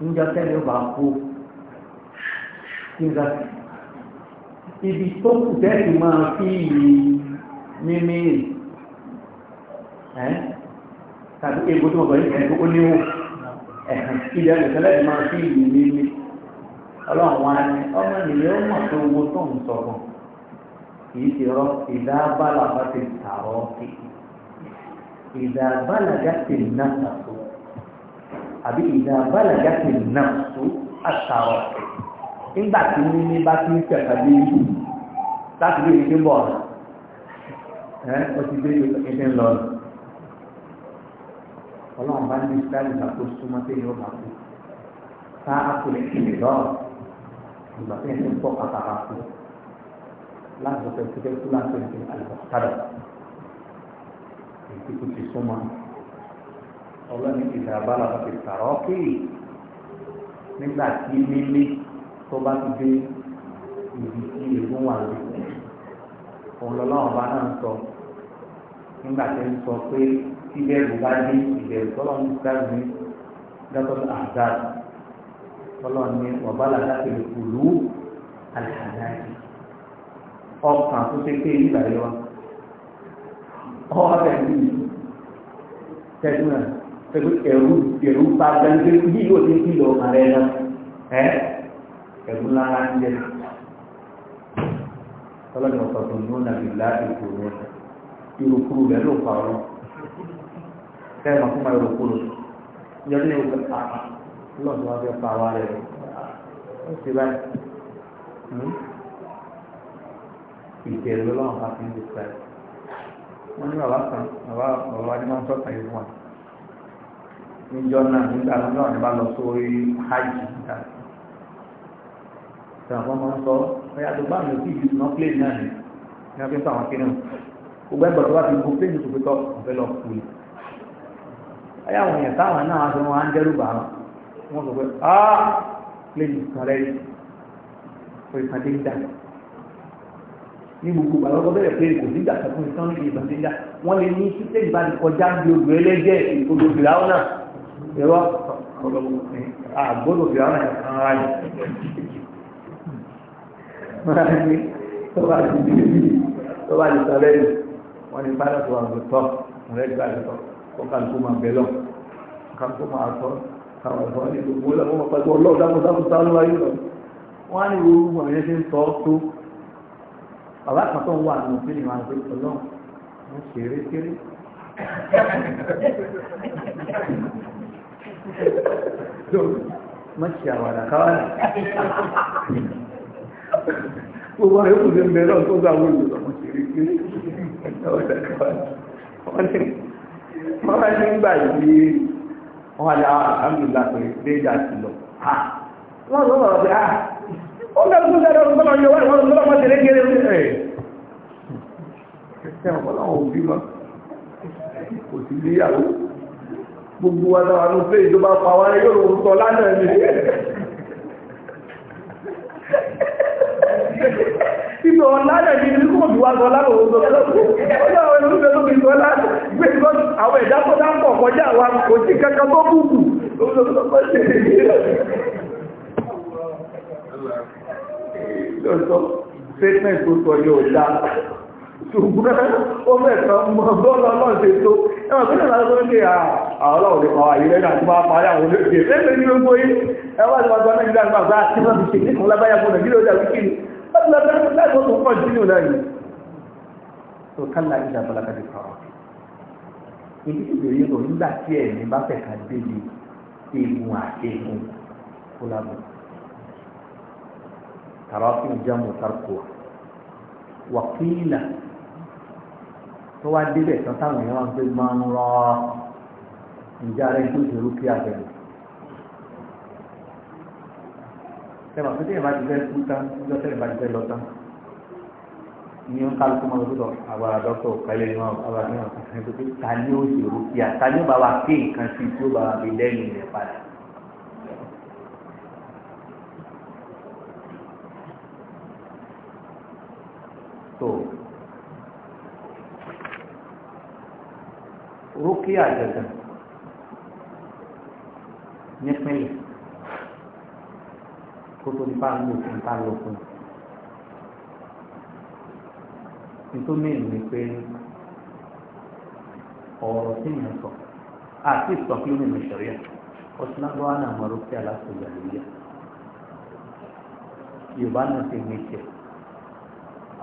níjọ tẹ́lẹ̀ bá kú nígbà ibi tó kù tẹ́lẹ̀ máa fi yìí mímí ẹ̀ tàbí egbò tó mọ̀gbọ̀n ìfẹ́ tó ẹ̀hàn ilẹ̀ ẹ̀lẹ́tẹ́lẹ̀ máa fi yìí mímí ọlọ́run wa ni ọmọ tó tó ń إذا بلغت النفس àbí ìdá bálàgàtì náà tó àṣàrọ̀ nígbà tí ní ní bá ti ń tẹ̀ka bí ibi láti lè rí bọ̀ ẹ́ ó ti gbé ẹgbẹ́ lọ rẹ̀ ọlọ́run bá ní ìsirá ìgbà tó súnmọ́ sí ìlú ọba kú tá a kò lè ṣe lọ́rọ̀ ìgbà tó yẹ pọ̀ pàtàkì láti lọ́pẹ́ tó fẹ́ láti lè ṣe àlùbọ̀ kádà ikú ti súnmọ́ ọlọ́ni ìdàbára ti tààrọ́ kéè nígbà tí lílé tó bá ti dé ibi tí egun wà lé òun lọ́lọ́wọ́ bá náà sọ nígbà tí ń sọ pé tí bẹ́ẹ̀rù bá dé ìbẹ̀rù tọ́lọ́ ń ọkàn tó ṣe pé ìgbà yẹn ọwọ́ tẹ̀lé tẹ̀lé náà pẹ̀lú ẹ̀rú ẹ̀rú bá gbẹ́ńgbé bí yóò ti fi lọ ààrẹ náà ẹ̀ ẹ̀rú lára ń jẹ ọlọ́dún ọ̀pọ̀ tó ní ó nà lè láti kò rẹ̀ ìrùkúrù rẹ̀ ló pa ọ̀rọ̀ tẹ́lẹ̀ máa fún ma ìrùkúrù yọrí ní òkè pa lọ́dún wọ́n ní bàbá kan bàbá bàbá ni wọ́n tọ́ta yìí fún wa níjọ́ náà nígbà náà ní bá lọ sórí hajj níta tẹ̀wọ́n máa ń sọ ẹ̀yà tó bá mi ò tí ì yùsùn plane náà ni ní wọ́n fi ń sọ àwọn kínní gbogbo ẹgbẹ́ tó bá ti gbogbo plane tó fi tọ́ ọ̀fẹ́ lọ kú ni ẹ̀yà àwọn èèyàn táwọn náà wá sí wọn á ń dẹ́rù bà wọ́n sọ pé ah plane kan lẹ́yìn pé ní gbogbo gbàgbọ́ tó bẹ̀rẹ̀ pé kò sígbà tó fún ìtàn ìgbà tó ń dá wọ́n lè ní títẹ̀ ìgbà tó kọjá bí odò ẹlẹ́jẹ̀ odò fìlàwọ́ náà ẹ̀rọ àgbọ̀dọ̀ fìlàwọ́ náà kan ara yìí. máa ní tó bá ti di ibi tó bá ti sọ lẹ́yìn wọ́n ní bá dàtọ̀ àwọn tọ́ ọ̀rẹ́ ìgbà tó tọ́ kó kálukú máa bẹ̀ lọ kálukú máa tọ́ káwọn ọ̀dọ́ ní gbogbo bàbá kan tó ń wà nínú fílì máa ń gbé ọlọ́run wọ́n ṣeré kéré. má ṣe àwàdà káwàdà gbogbo àwọn èkó ṣe ń bẹ náà tó gbà wọ́n lò lọ́mọ ṣeré kéré àwàdà káwàdà wọ́n ní wọ́n máa ní gbà yìí wọ́n á lè àwọn àmì ìlànà ìgbéjà sí lọ. wọ́n lọ́wọ́ rẹ̀ bẹ́ẹ̀ ó kẹ́lú tó sẹ́rẹ̀ ọ̀rọ̀ tọ́lọ̀ yọ wọ́n tọ́lọ̀ mọ́ gbogbo wa náà ló fẹ́ ìjọba pa yóò lò ń sọ lánàá ni Ibẹ̀ ọ̀lànà ni ní kò bí wá sọ lánàá òun sọ lọ́pọ̀. Ó ní àwọn ẹlòmíbẹ̀ tó fi sọ lánàá gbé lọ́tọ́ statement tó sọ yóò dá ṣùgbọ́n ó mẹ́ta mọ́ bọ́ọ̀lọ́ náà ṣe tó ẹwọ̀n tó nílá tó ń ṣe àwọn ọ̀lẹ́ pa àyè rẹ̀ náà tó máa parí àwọn olóògbé lẹ́gbẹ̀ẹ́ ní gbogbo yìí ẹwọ́n tó máa gba nàìjíríà nígbà bá tí wọ́n fi ṣe nípò lábáyà fún nàìjíríà ọjà wíkìlì láti lọ bẹ́ẹ̀ láti wọ́n tó pọ̀ jù náà yìí tó kálá ìjà balakadì kọ̀ọ̀ ibi tàràfù jámù tàràkùwà wàkìlà tó wá débẹ̀ tán táwọn èèyàn wọn pé máa ń rọ ìjà rẹ̀ tó ṣe rúkí àbẹ̀rẹ̀ tẹ́lẹ̀ tó tẹ́lẹ̀ bá ti fẹ́ kú tán tó tẹ́lẹ̀ bá ti fẹ́ lọ tán ní ń kálukú máa lọ́dọ̀ àwọn àdọ́tọ̀ kálẹ̀ ní àwọn àdọ́tọ̀ kálẹ̀ tó tẹ́lẹ̀ ta ni ó ṣe rúkí à ta ni ó bá wa pé nǹkan sí tí ó bá wa fi lẹ́yìn rẹ̀ padà. so rúkìá dandan nípínlẹ̀ kó tó ní báyìí òfin tá lọ Itu un nítorí ní pé ọ̀rọ̀ tí èèyàn sọ àti ìsọ̀kúlù nínú ìṣẹ̀ríà ọtí lágbára náà mọ̀ rúkìá láti ìgbàlódé Yorùbá náà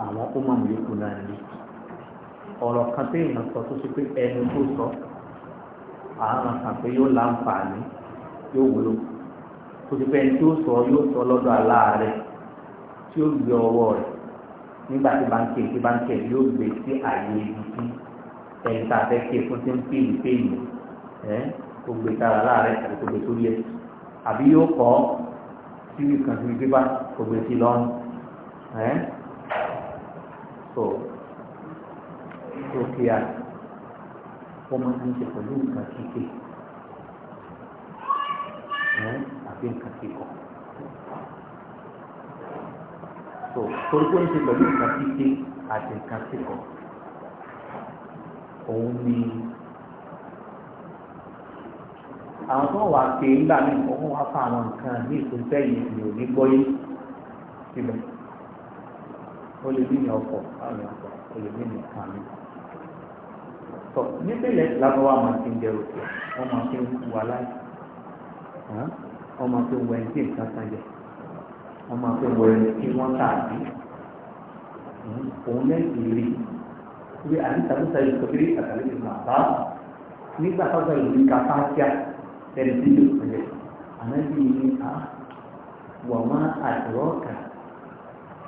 àwọn ó mọ̀ yòókù náà ni ọ̀rọ̀ kan tí èèyàn sọ tó ṣe pé ẹnu tó sọ àwọn kan pé yóò láǹfààní yóò wúlò tó ṣe pé ẹni tó sọ yóò sọ lọ́dọ̀ aláàárẹ̀ tí ó gbé ọwọ́ rẹ̀ nígbà tí báńkì tí báńkì yóò gbé sí àyè ibi tí ẹni tá a fẹ́ kí fún ti ń pèlú pèlú ẹ kó gbé tara láàárẹ̀ àti kó gbé sórí ẹ̀ àbí yóò kọ́ síbi kan síbi pípa kó gbé sí lọ́rùn ẹ tó dúkìá ó máa ń ṣe pẹ̀lú nǹkan kíkè àbí nǹkan kíkọ. So, torí pé ó ń ṣe pẹ̀lú nǹkan kíkè àti nǹkan kíkọ òun ni àwọn tó wà pé ńgbà míì òun wá fún àwọn nǹkan ní ìpínlẹ̀ yìí ni ò ní gbọ́yé síbẹ̀ ó lè mí ní ọkọ̀ àwọn ọkọ̀ ó lè mí ní kàmí. tọ nípìnlẹ̀ lábọ́wá máa ti ń dẹrù pé wọ́n máa fi ń wà láì wọ́n máa fi ń wọ ẹni tí nǹkan kan jẹ wọ́n máa fi ń wọ ẹni tí wọ́n tà bí òun lẹ́yìn rí wí àníta ló sẹ́yìn tó kiri àtàlẹ́ ìlú àbá nígbà tó sọ ìlú kápá kíá tẹ̀lé tí yóò pẹ̀lẹ́ bí mi á wọ̀ wọ́n àdúrọ̀ kàá.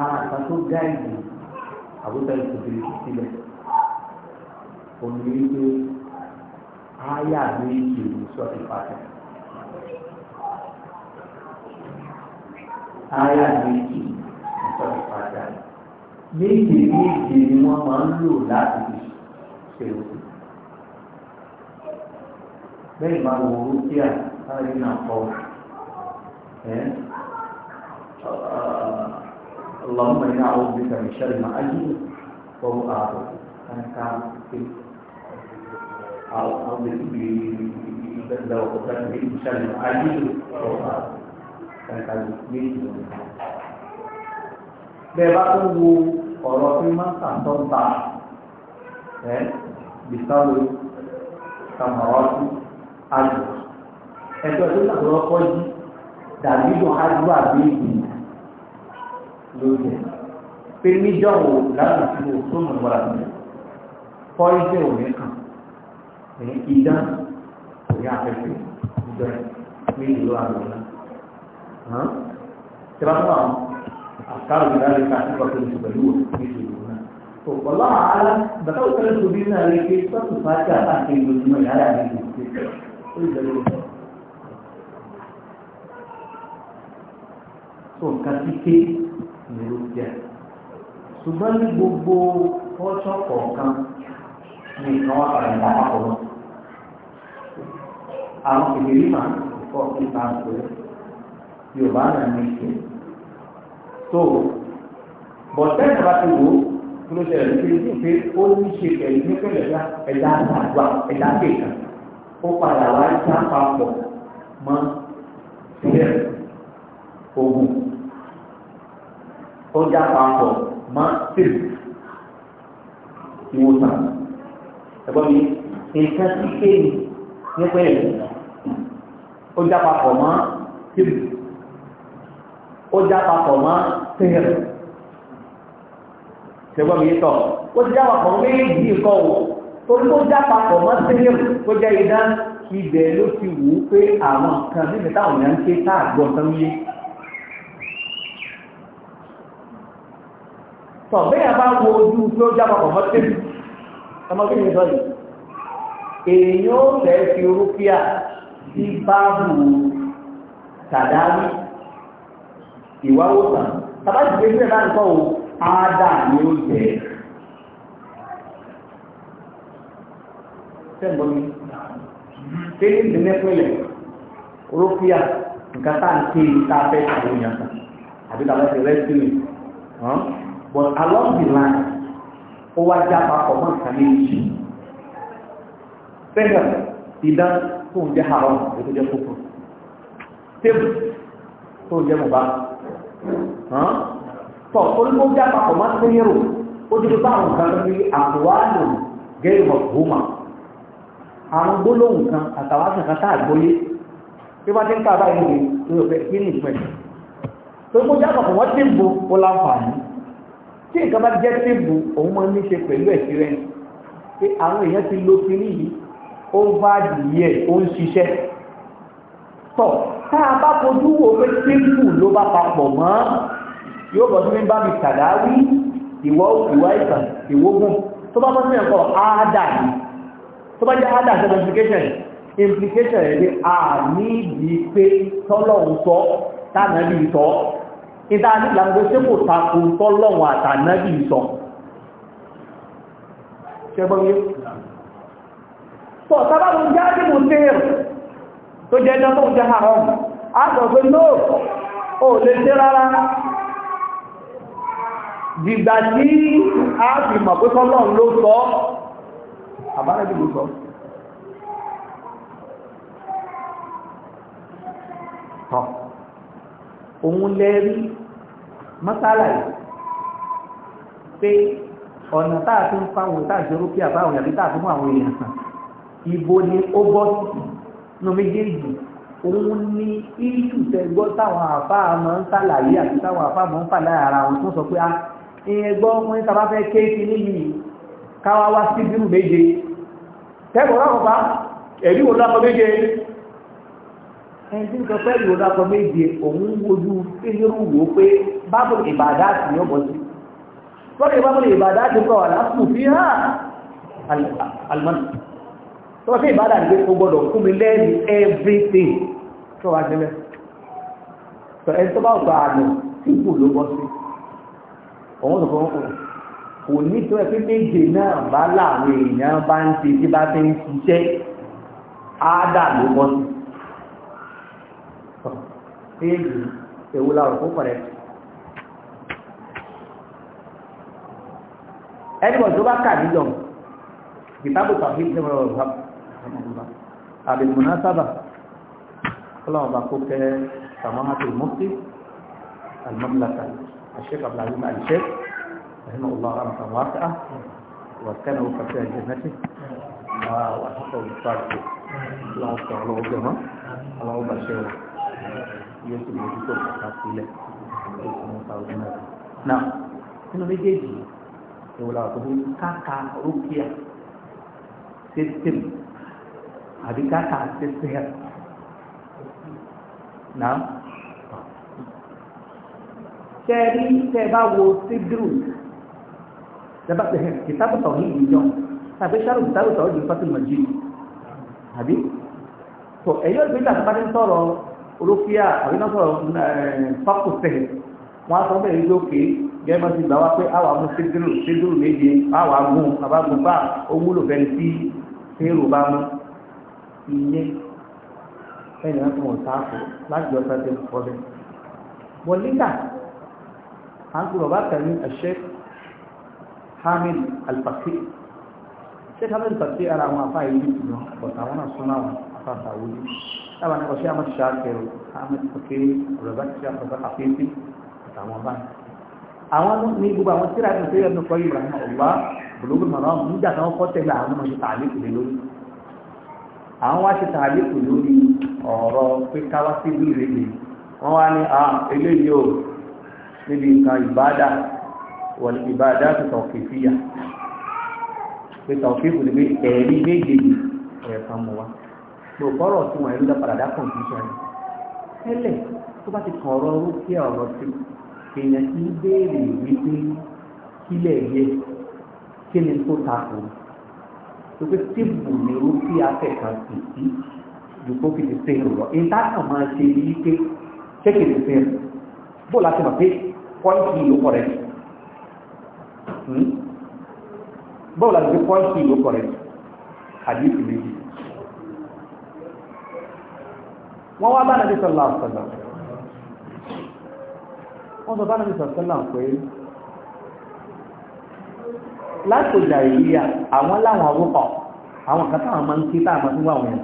ara ah, àgbà tó gáìdì àbúta ìkòkèrè sílẹ̀ òní pé áyà méjì ló sọ ti pàtó áyà méjì ló sọ ti pàtó méjì méjì ni wọ́n máa ń lò láti fi ṣe òkú bẹ́ẹ̀ máa wò ó sí à láti náà kọ́ اللهم إنا أعوذ بك من شر ما أجد وهو أعرف أنت أعوذ بك لو قدرت بك من شر ما أجد وهو أعرف أنت bẹ́ẹ̀ bá tó wo ọ̀rọ̀ tí máa ń sàtọ́ta ẹ́ bìsáwò sàmàwátú àjò ẹjọ́ tó sàtọ́rọ́ kọ́ yí dàbí lò ájú àbí ìgbìmọ̀ lórí ẹ̀ pé níjọ́ wo lánàá tí o tó mọ̀ wọ́n àti kọ́ iṣẹ́ òní kan ní ìdá òní afẹ́fẹ́ ìjọ ní ìlú àgbọ̀nà tí wọ́n wà àkàrò ìdáre ká sí ọ̀tọ̀ oṣù pẹ̀lú òní ìlú náà tó wọ́lá àárá bàtà òṣèlú tóbi náà rí pé sọ́tù fàájì àtàkì ìlú náà yàrá ìlú ó lè tó nǹkan ti ké obìnrin ló jẹ́ ṣùgbọ́n ní gbogbo ọjọ́ kọ̀ọ̀kan ní ìkan wà padà nípa àpapọ̀ wọn àwọn ìrírí máa ń kọ́ nípa àpò yorùbá náà ní ìṣe tó bọ̀tẹ́ ìjọba ti wò ó kí ló ṣẹlẹ̀ ní kí pé ó ní ṣe pẹ̀lú ní pẹ̀lú ẹ̀dá àgbà ẹ̀dá kéèkà ó padà wá já papọ̀ mọ́ sílẹ̀ ogun tó já papọ̀ mọ́ sílù ìwòsàn ẹ̀gbọ́n mi nǹkan tí kéènì nípa ẹ̀rù ó já papọ̀ mọ́ sílù ó já papọ̀ mọ́ sílù ṣẹ̀gbọ́n mi tọ̀ ó já papọ̀ mọ́ méjì kọ́ o torí ó já papọ̀ mọ́ sílù tó jẹ́ idán ibẹ̀ ló ti wù ú pé àwọn kan níbi táwọn èèyàn ń ké tá àgbọ̀n tán yé. tọ̀ bẹ́ẹ̀ bá wo ojú tó jábọ̀ pọ̀ mọ́tẹ́lì ọmọbìnrin sọ yìí èèyàn ó fẹ́ fi orúkíà sí báàbù tàdáwì ìwáwó kan tàbá ti gbé sílẹ̀ láti kọ́ o ádá ni ó jẹ́ sẹ́ǹgbọ́n mi tẹ́lẹ̀ ti nẹ́pẹ́lẹ̀ orúkíà nǹkan tá à ń ké ta fẹ́ tàbí òyìnbó àbí tàbá ti rẹ́sílẹ̀ but along the line ó wá já papọ̀ mọ́ nǹkan méjì fẹ́gàn ìdán tó ń jẹ́ haram èyí tó jẹ́ kókó tébù tó ń jẹ́ mọ̀bá tọ̀ orígbó já papọ̀ mọ́ sẹ́yẹ̀rò ó ti fi bá àwọn nǹkan lórí àkùwálò gẹ́rìmọ̀ bùmà àwọn gbólóhùn kan àtàwọn àṣàkà tá àgbóyé bí wọ́n ti ń ká báyìí ní ìwé kí ni ìpẹ́ tó ń kó já wọ́n ti ń bo ó láǹfààní tí nǹkan bá jẹ́ tìbù òun máa ní ṣe pẹ̀lú experience pé àwọn èèyàn ti lo kiri yìí over the year ó ń ṣiṣẹ́ tọ̀ tá a bá fojú wo pé tìbù ló bá papọ̀ mọ́ yóò bọ̀ sí mi bá mi tàdáwí ìwọ ìwà ìtàn ìwógún tó bá bọ́ sí ẹ̀kọ́ áádà ni tó bá jẹ́ áádà sí implication implication rẹ̀ pé a ní ìdí pé tọ́lọ́hún sọ tánàbí sọ ìdá nílànà tí kò takò tọ́lọ́wọ̀n àtànábì sọ ṣẹgbọ́n yé tọ́ sábàbù jẹ́ àdìmù tẹ́rù tó jẹ́ ẹjọ́ tó ń jẹ́ haram a sọ pé no ò lè tẹ́ rárá dìgbà tí a fi mọ̀ pé tọ́lọ́n òun lẹ́rí mọ́sálà yìí pé ọ̀nà táà tó ń fáwọn táà jọrọ pé àbáwọn yàbí táà tó mú àwọn èèyàn sàn ìbò ni ó bọ́ sí nínú méjèèjì òun ni íṣù tẹ́gbọ́ táwọn àfáà máa ń sàlàyé àti táwọn àfáà máa ń fà lára ara wọn tó sọ pé ah, a ẹgbọ́ wọn sábà fẹ́ ké sí níyì káwá wá sí bírù méje tẹ́gbọ́ láwọn bá ẹ̀rí wo lọ́kọ̀ méje ẹni tí nǹkan fẹ́ẹ́ ìwọ́n dákọ méje òun wojú fíjírù wò pé bábùlù ìbàdá àti ní ọ̀bọ̀ sí lọ́dọ̀ ìbábùlù ìbàdá àti ń kọ́ wà lásìkò fi hàn àlùmọ́nì tó ṣe ìbàdà ní gbọ́dọ̀ fún mi lẹ́nu everything tó wà nílẹ̀ tó ẹni tó bá gba àmì sípò ló bọ́ sí òun sọ fún òun kò ní tó ẹ pé méje náà bá láwọn èèyàn péèjì èwo la rò kó kọ̀rẹ́ ẹnìbọ̀ tó bá kà níjọ kìtàbù tàbí ìjọba ọ̀rọ̀ àbí mùnásábà ọlọ́run bá kó kẹ́ sàmọ́hátì mọ́sí المملكة الشيخ عبد العزيز آل الشيخ رحمه الله رحمة واسعة وكانه كفاية جنته وأحقه بالصالحين اللهم صل على عبدنا اللهم بشره yóò sì mójú tó kàkà sílẹ̀ yóò sì mú thousand naira. náà nínú méjèèjì ìwòlá ọ̀tọ̀ fún káka rúkìá system àbí káka system náà tẹ́rí tẹ́ bá wo sídìrù lẹ́bàá tẹ̀hẹ̀ kìtàbù tọ̀hìn ìjọ tàbí sáré kìtàbù tọ̀hìn ìfọ́tìmọ̀jì àbí tó ẹ̀yọ́ ìgbésẹ̀ àti bá ń sọ̀rọ̀ olófíà àbí náà sọ̀rọ̀ pápò sẹ́yìn wọ́n á sọ bẹ́ẹ̀ yìí lókè gẹ́gẹ́ bá ti gbà wá pé àwa mú sídúró sídúró méje àwa gùn àbá gùn bá ó wúlò bẹ́ẹ̀ tí téèrò bá mú iye ẹni wọn fún ọ̀tá àpò láti ọ̀tá tẹ fọ́ bẹ́ẹ̀. wọ́n nígbà à ń gbọ́dọ̀ bá tẹ̀lé ẹ̀ṣẹ́ Hamid Al-Faqi ṣé Hamid Al-Faqi ara àwọn afáyé yìí ti yàn ọ̀tá wọn náà sún náà wọn afáfáwọ́ sábà ní ọṣẹ́ àmọ́tí ṣáàkẹrù àmọ́tí kòkèrè rọ̀bátí àfẹ́fẹ́ àtàwọn báyìí àwọn ní gbogbo àwọn tíra ẹ̀sùn tó yẹ ní kọ́ ìbùrà náà ọ̀gbá gbogbo mọ̀rọ̀ nígbà tí wọ́n kọ́ tẹ̀lé àwọn ọmọ ṣe tààlékù lé lórí àwọn wá ṣe tààlékù lórí ọ̀rọ̀ pé káwá sí ìlú ìrèlè wọ́n wá ní à ah, eléyìí ò níbi nǹkan ìbádà wọ̀lì ìbádà tó tọ̀kì fìyà lò bọ́rọ̀ tí wọ́n ẹ̀rú dápadà dá kọ̀ǹpútà rẹ̀ tẹ́lẹ̀ tó bá ti kàn ọ̀rọ̀ rúkìá ọ̀rọ̀ sí èèyàn ti ń béèrè wípé kílẹ̀ yẹ kí ni tó takò tó pé tíìbù ni rúkìá kẹ̀kan sì sí ju kó fi ti fẹ́ rọ̀ ìta kan máa ṣe ní wípé ṣéèkì ti fẹ́ bó láti mọ̀ pé pọ́ǹtì ìlú rẹ̀ hmm? bó láti pé pọ́ǹtì ìlú kọ̀ rẹ̀ àdìsí méjì. wọ́n wá bá nàbí sọ̀lá ọ̀sọ̀lá wọ́n sọ bá nàbí sọ̀lá pé láti ìjà ìlú àwọn láwọn awúkọ̀ àwọn kan táwọn máa ń kí táwọn máa ń wà wọ̀nyẹn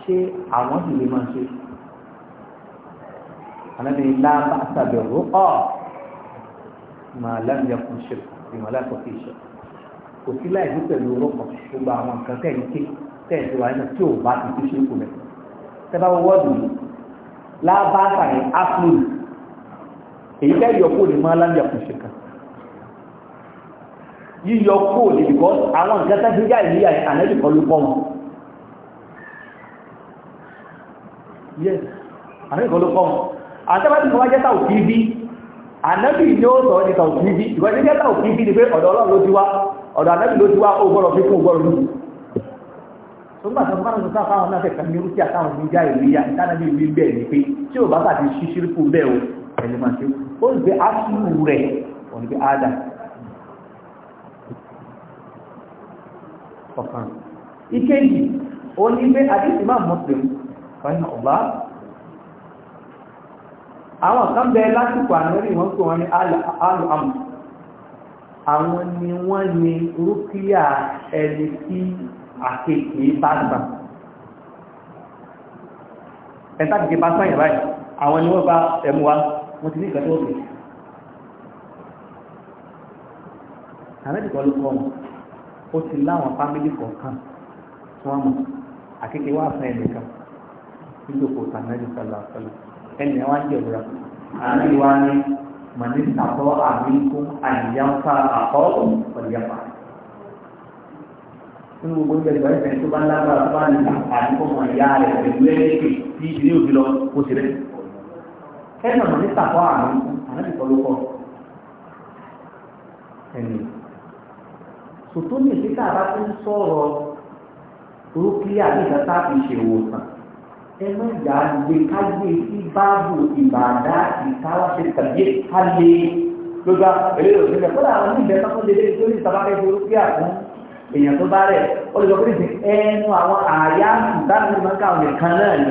ṣé àwọn sì lè máa ṣe ànábi ńlá bá sàbẹ̀ rúkọ̀ màá lẹ́nu yẹ kún ṣe ìmọ̀ lẹ́kọ̀ọ́ fi ṣe kò sí láì ní pẹ̀lú rúkọ̀ gbogbo àwọn nǹkan tẹ̀ ń ké tẹ̀ ń ṣe wáyé náà tí ò bá ti fi ṣe kù mẹ́ta tẹ́bá wọ́ọ̀dù lábáàkà ní áfúrù èyí tẹ́ yọkó ní máa lábíà kò ṣe kan yíyọkó ní bìkọ́ àwọn nǹkan tẹ́ fíjà ìlú yà ànẹ́bì kọ́ ló kọ́ wọn yes ànẹ́bì kọ́ ló kọ́ wọn àtẹ́bá ti fọwọ́ jẹ́ta òkú ibi ànẹ́bì ni ó sọ ní ta òkú ibi ìgbà jẹ́ta òkú ibi ni pé ọ̀dọ̀ ọlọ́run ló ti wá ọ̀dọ̀ ànẹ́bì ló ti wá ó gbọ́dọ̀ fi kún gbọ́dọ̀ nígbà tó bá nínú káfá àwọn náà ní irú tí àtàwọn ní já ìlú ya ìtànà bí ìwé bẹ́ẹ̀ ni pé tí ò bá bàtí ṣíṣírí fún bẹ́ẹ̀ o ẹni máa ṣe ó ń gbé áṣírù rẹ̀ wọ́n gbé ádà ọ̀kan. ìkéyìí ó ní pé àdéhùn máa mọ̀ pé wọn ọba àwọn kan bẹ lásìkò ànárí wọn pé wọn ní alu amu àwọn ni wọn ní rúkìá ẹni tí àti kìí bá gbà ẹ̀ta kìí bá sáyẹ̀ báyìí àwọn ni wọ́n bá ẹmú wa wọ́n ti ní ìkàtọ́ òkè àmẹ́dìkọ́ ló kọ́ wọn ó ti láwọn fámílì kọ̀ọ̀kan tí wọ́n mọ̀ àkékè wá fún ẹnìkan níjókòó tàmẹ́lì sọ̀lá sọ̀lá ẹnì wá jẹ́ òwúrọ̀ àárín wa ní mọ̀ ní sàtọ́ àmì kún àyíyá ń fa àkọ́ òun ní gbogbo ìgbẹ̀lẹ̀ bá ìfẹ̀ tó bá lágbára bá ní àǹfààní fún ọmọ ìyá rẹ̀ pẹ̀lú ẹ̀ẹ́dẹ́gbẹ̀ tí ìdílé òbí lọ kó ti rẹ̀. ẹ̀sìn ọ̀nà ní sàkọ́ àrùn ànábì kọ́ ló kọ́ ẹ̀mí. sòtó ní ìṣẹ́ká bá tó ń sọ̀rọ̀ orúkílẹ̀ àbí ìdáta fi ṣe ìwòsàn ẹ má yà á gbé káyé sí báàbù ìbàdá ìkáwáṣe tàbí kálé lójú àwọn ìlérò èèyàn tó bá rẹ̀ ó lè sọ pé ẹnu àwọn àyà ìdáàbò máa ń ká àwọn nìkan náà ní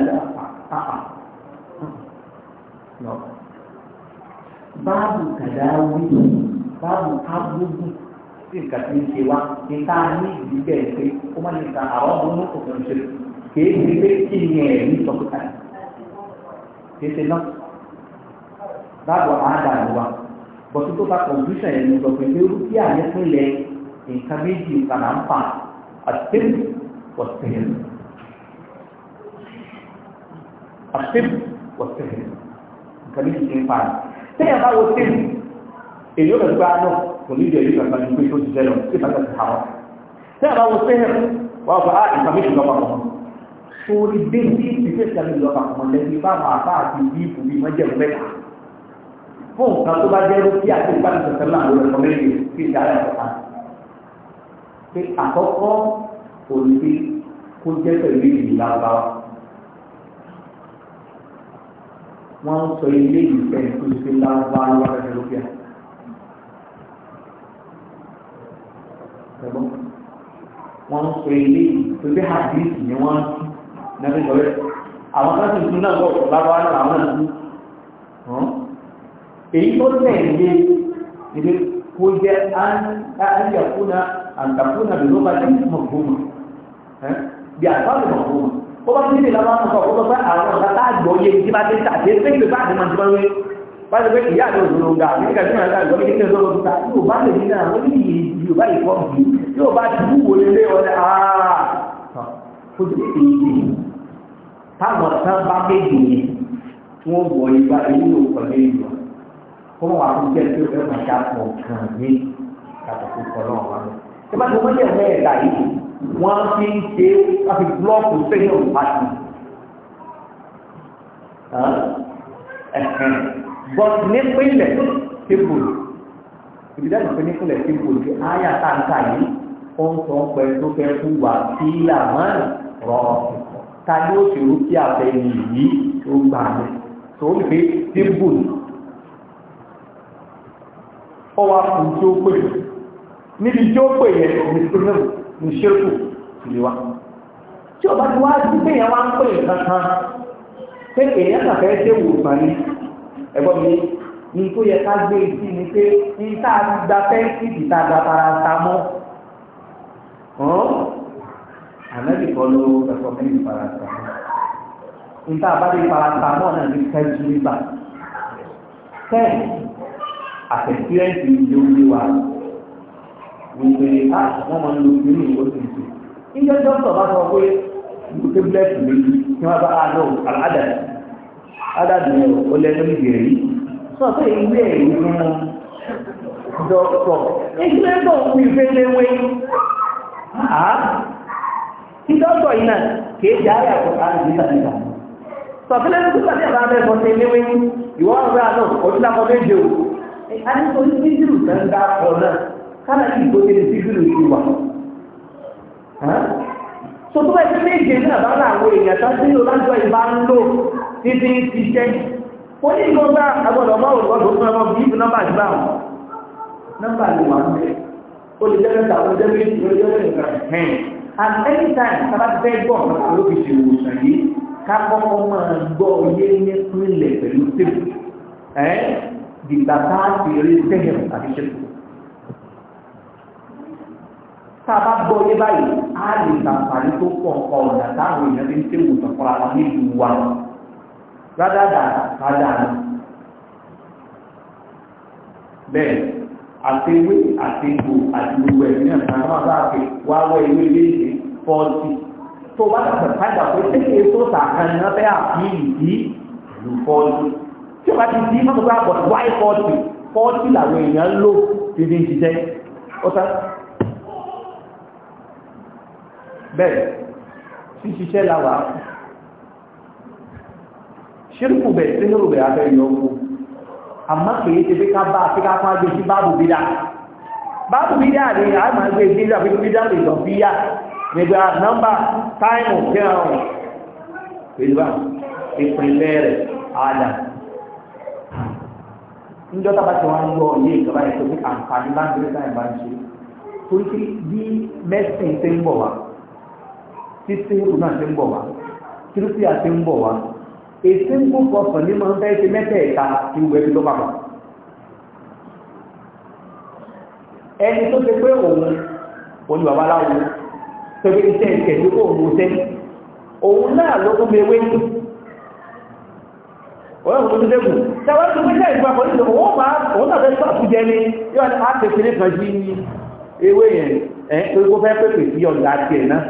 lọ. báàbù kàdáwí báàbù kábúgbù sí nǹkan tí ń ṣe wá ní tá a ní ìdí bẹ́ẹ̀ pé ó má lè ta àwọn ọmọ ní kò fẹ́ràn ṣe kìí ni ẹ̀rí sọ pé kàdé kìí nǹkan méjì nǹkan là ń fà àtẹ́lù wọ̀tẹ́lù àtẹ́lù wọ̀tẹ́lù nǹkan méjì ti ń fà ní. tẹ́yà bá wo tẹ́lù èyí ò lè gba náà kò ní ìdí ẹ̀yí kan kan ní pé tó ti jẹ́ lọ sí ìbátan ti hàwọ́. tẹ́yà bá wo tẹ́lù wà á bá a nǹkan méjì lọ́pàá kan sórí bẹ́ẹ̀ tí ìdílé ìsàlẹ̀ lọ́pàá kan lẹ́bi bá wà bá àti bí ìfòbí mọ́jẹ̀ mẹ́ta fún nǹkan tó bá jẹ́ ló kí àti ìbánisọ̀tẹ̀ náà ló pé àkọ́kọ́ òní kó jẹ́ pẹ̀lú ìlú lábá wọ́n ń sọ ilé ìfẹ́ tó ṣe lábá lọ́wọ́ lókè ẹ̀gbọ́n wọ́n ń sọ ilé tó ṣe àdéhùn ni wọ́n ń tú nàbí sọ̀rọ̀ àwọn kan sì tún náà bọ̀ lábá náà àwọn náà èyí tó tẹ̀lé ilé kó jẹ́ àyẹ̀kú náà àǹtàkùnà ló bá ní mọ̀gbọ́mọ̀ bí àtàwọn mọ̀gbọ́mọ̀ ó bá nílé lábá wọn sọ ọ̀pọ̀ pé àwọn ọ̀gá tá àgbọ̀ yé ti bá dé tàbí pé pé bá àdìmọ̀ jùmọ̀ wé bá ti pé ìyá àdó òdòdó ga àbí nígbà tí wọn ká ìgbọ́n kékeré lọ́wọ́ tó ta yóò bá lè nínú àwọn oníyì yóò bá ìfọ́ bí yóò bá ti wúwo lélé ọ̀dẹ àá kó tó ti ṣe táwọn tán bá méjì yẹn tí wọ́n wọ ìgbà èyí ló kọ̀ lé ìwà kó wọn wà fún jẹ́ pé ó fẹ́ máa ṣàpọ̀ kàn ní kàtàkùn kọ́ náà wà lọ́wọ́ ẹ bá tó wọlé ẹ̀rọ ẹ̀dá yìí wọ́n fi ń ṣe wọ́n fi búlọ́ọ̀kù sẹ́yìn ọ̀hún pàṣẹ. but ní pínlẹ̀ tébù ìdílé àgbàpẹ́ ní pínlẹ̀ tébù ti áyà táǹkà yìí ó ń sọ pé tó fẹ́ fún wa sí làwọn rọ ta ni ó ṣòro kí àtẹ̀yìn yìí tó gbà mí tó ń gbé tébù ọwọ́ àkùnjó pẹ̀lú níbi tí ó pè yẹn ní sọ́nẹ́mù ní ṣẹ́kù ìlú wa tí ọba ti wá sí pé yẹn wá ń pè nǹkan kan pé èèyàn kàn fẹ́ ṣe wò sàn ní ẹ̀gbọ́n mi ní tó yẹ ká gbé sí ni pé ní tá a ti gba fẹ́ǹsì ìta gba paracetamol ànábì kọ́ ló ẹ̀kọ́ mẹ́rin paracetamol níta bá di paracetamol náà ní kẹ́jú nígbà tẹ́ẹ̀ àtẹ̀síwẹ́ǹsì ìjọba wa wípé á ah, wọ́n máa ń lo ìlú ìwọ́sùn ìṣe. ilé dókítà bá sọ pé tébúlẹ̀tì méjì kí wọ́n bá àádọ́ aládàá aládàá yẹn ó lẹ́nu ìbéèrè yìí. sọ pé ilé ìwé fún dókítà ilé tó ń fi fẹ́lẹ́wé á kí dókítà yìí náà kì í jẹ́ àyà kó àrùn nígbà nígbà. sọ pé lẹ́nu tó sàbí àbá abẹ́ fọ́n ṣe léwé ìwọ́n àgbà náà ọdún lápọ̀ méje o. a ní sọ ní bíjìrù sára sí ìgbóni ní fífìlù ìlú wa so tó bá ti méje náà bá láwọn èèyàn tó sí ọlájọ ìbá ń lò títí ti ṣẹ́ ó ní ìgbọ́n bá agbọ́dọ̀ ọmọ òwúrọ̀ tó fún ọmọ bíi nọ́mbà ìgbà wọn nọ́mbà ni wà ń bẹ ó lè jẹ́ mẹ́ta ó jẹ́ méjì ó jẹ́ mẹ́ta ẹ̀hìn at any time tá a bá fẹ́ gbọ́ ọ̀nà ló fi ṣe ìwòsàn yìí ká kọ́kọ́ máa gbọ́ yé ní pínlẹ̀ pẹ̀lú tèbù ẹ̀ dìgbà tá a fi rí tẹ́yẹ̀ àti ṣẹ́kù tá a bá gbọ́ yé báyìí á lè gbàǹfààní tó pọ̀ nǹkan ọ̀nà táwọn èèyàn fi ń ṣe ìwòsàn fúnra wọn nílùú wa rádàdà rádàdà bẹ́ẹ̀ àtẹwé àtẹgbò àti gbogbo ẹ̀mí náà kan náà bá fi wá wọ ìwé léde fọ́ọ̀tì tó bá dàgbà kájà pé ṣéṣe tó sàkàn náà fẹ́ àfi ìdí ìlú fọ́ọ̀tì tí o bá ti di mọ́tò bá bọ̀ wáyé fọ́ọ̀tì fọ́ọ̀tì làwọn èèyàn ń lò títí ń ṣiṣẹ́ bẹ́ẹ̀ ṣíṣiṣẹ́ láwà ṣírùkù bẹ̀ sínú bẹ̀ abẹ́ yọkù àmọ́ kìí ṣe ká bá afíká fún agbé sí báàbù bídá báàbù bídá ni a gbé ìdílé àfihàn bídá lè lọ bí yá nígbà nọ́mbà táìmù kẹrùn pẹ̀lú ìpínlẹ̀ bí mẹ́sìn ti ń bọ̀ wá tí sínkù náà ti ń bọ̀ wá tírúsì àti ń bọ̀ wá èsì ń kó kọfọ̀ ní máa ń fẹ́ ṣe mẹ́tẹ̀ẹ̀ta ti wù ẹbí tó bá wọn. ẹni tó ti pé òun òun bàbá aláwo tó fi iṣẹ́ ìkẹ̀lú kó òun ṣe òun náà ló tún lè wé ní ọ̀rọ̀ òun tó dẹ́kù tẹ́wọ́ tó gbé jẹ́ ìgbà pọ̀lú ìṣòwò wọ́n máa òun náà fẹ́ sọ àkújẹ ní yóò á tẹ̀sí ní kan jí ewé yẹn ẹ̀ torí kó fẹ́ pèpè sí ọ̀gá tiẹ̀ náà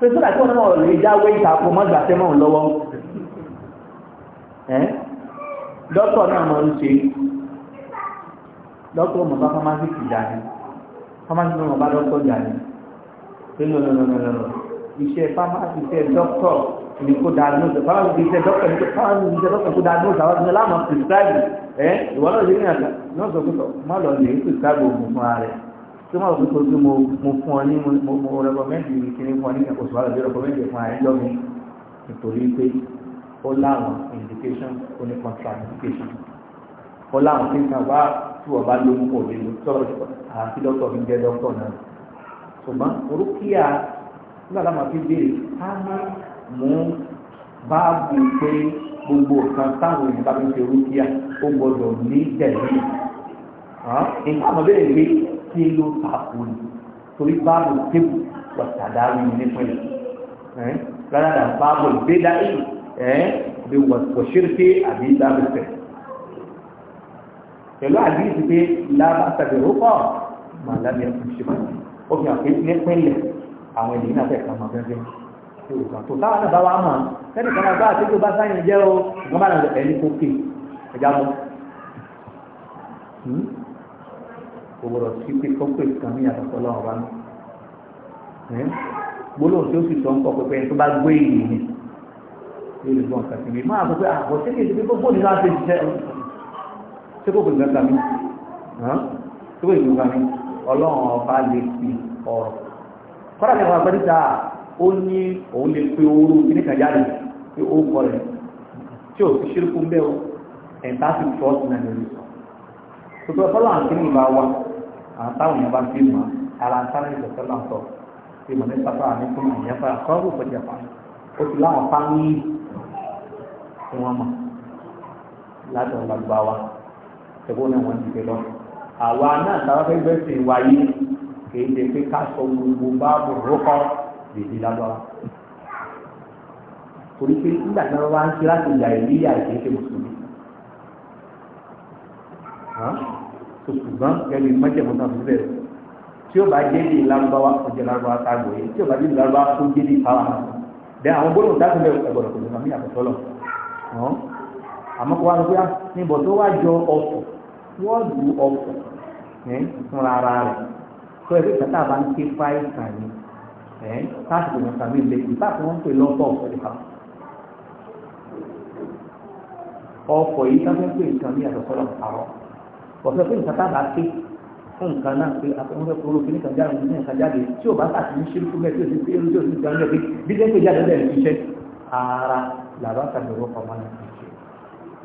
pẹ̀sùn àti ọ̀nà ọ̀rọ̀ ìjáwé ìtàkùn mọ́gbà tẹ́ mọ́ lọ́wọ́ ẹ́ dọ́tọ̀ náà mọ́ ń ṣe dọ́tọ̀ mọ̀ bá fámásì kì dání fámásì mọ̀ bá dọ́tọ̀ dání pé lọ́lọ́lọ́lọ́lọ́ iṣẹ́ fámásì iṣẹ́ dọ́tọ̀ ní kó diagnose fámásì iṣẹ́ dọ́tọ̀ ní kó fámásì iṣẹ́ dọ́tọ̀ kó diagnose àwọn ọ̀sìn láàmú prescribe ẹ́ ìwọ́n náà tí wọ́n fi kojú mo fún ọ ní mo rẹ́kọ̀mẹ́ndì mi kí ní fún ọ ní ẹ̀kọ́ sọ̀rọ̀ bí rẹ́kọ̀mẹ́ndì fún àìjọ mi nítorí pé ó láwọn indication ó ní contraindication ó láwọn tí nǹkan bá tí wọ́n bá ló ń pọ̀ lé lọ sọ̀rọ̀ àti dókítà mi jẹ́ dókítà náà ṣùgbọ́n orúkíà nígbà tá a máa fi béèrè ká má mú báàbù pé gbogbo nǹkan táwọn èèyàn fi ṣe orúkíà ó gbọdọ̀ ní tẹ̀lé nǹkan àmọ́ bẹ́ẹ̀ kí ló tako ni torí báàbò tébù wàtàdáwì nípìnlẹ̀ ẹ́ rárá dà báàbò gbéda ìlú ẹ́ bí wàṣírké àbí ìdábẹ̀fẹ̀ pẹ̀lú àdíyèsí pé lábàtàbí rúkọ̀ màá lábẹ́ ẹ̀kún ṣe máa ó fi hàn pé nípìnlẹ̀ àwọn ènìyàn náà fẹ́ kà máa gẹ́gẹ́ yorùbá tó táwọn náà bá wà mọ̀ sẹ́ni kan náà bá àti tó bá sáyẹn jẹ́ o ìgbọ́n bá kò gbọdọ̀ sí pé kọ́pẹ́ kan ní àtọ̀tọ̀ lọ́wọ́ bá ní. gbólóhùn tí ó sì sọ ń kọ́ pẹ́pẹ́ tó bá gbé ìyè ni lórí ìbọn kàtí mi máa sọ pé àbọ̀ ah, ṣé kìí ṣe pé gbogbo ní láti ṣiṣẹ́ ṣé kò gbogbo nǹkan mi ṣé kò gbogbo nǹkan mi ọlọ́run ọba lè fi ọ̀rọ̀ kọ́dà ní àwọn àgbẹ̀dìta ó ní òun lè pe ooru kíní kan jáde pé ó kọ rẹ̀ tí ò fi ṣírùkú ń bẹ́ o ẹ̀ńtá sì trọ́ọ̀tì náà lórí sọ. Gbogbo ọ̀pọ̀lọpọ̀ àǹtí ní ìbá wa àwọn táwọn yẹn bá fi mọ̀ ara sáré ìgbésẹ̀ náà sọ fi mọ̀ ní pápá àmì fún àyẹ̀ fún àkọ́rù ìfọ̀jà pa ó ti láwọn fámìlì tí wọ́n mọ̀ láti ọ̀la gba wa ṣùgbọ́n náà wọ́n ti fi lọ. àwa náà táwọn fẹ́ gbẹ́sìn wáyé kì ṣe pé ká sọ gbogbo báàbò rókọ́ lèdí lágbára torí pé nígbà tí wọn bá ń ṣe láti ìyá ìlú ìyá ìdí ṣe mùsùlùmí tó ṣùgbọ́n gẹ́gẹ́ bí mọ́jẹ̀mọ́ náà fi bẹ̀rẹ̀ tí ó bá jẹ́ ní ìlànbáwá kó jẹ́ lárúbáwá tágbò yìí tí ó bá jẹ́ ìlànbáwá kó jẹ́ ní ìpáwá dẹ àwọn gbọ́dọ̀ dákun bẹ̀rẹ̀ ẹgbọ̀dọ̀ kò lọ́mọ yàtọ̀ tọ́lọ̀ àmọ́ kó wá lọ pé ah, níbọ̀ tó wá jọ ọ̀fọ̀ wọ́n lu ọ̀fọ̀ fúnra ara rẹ̀ tó ẹgbẹ́ ìtàtà bá ń ké fáì kàn ní káàkiri wọn kàmí ilé ìbá ọ̀fọ̀ yìí ká fẹ́ nǹkan ní àtọ̀tọ̀lọ̀ àwọn ọ̀sẹ̀ fún nǹkan tábà pé fún nǹkan náà pé àtọ́nfẹ́ kúrò kí nìkan jáde ní nǹkan jáde tí ò bá tà sí ṣírí fún mẹ́tí òsì pérú tí òsì ti jáde pé bí jẹ́ pé jáde bẹ́ẹ̀ ṣiṣẹ́ ara làbá tàbí ọ̀rọ̀ kan máa ń ṣiṣẹ́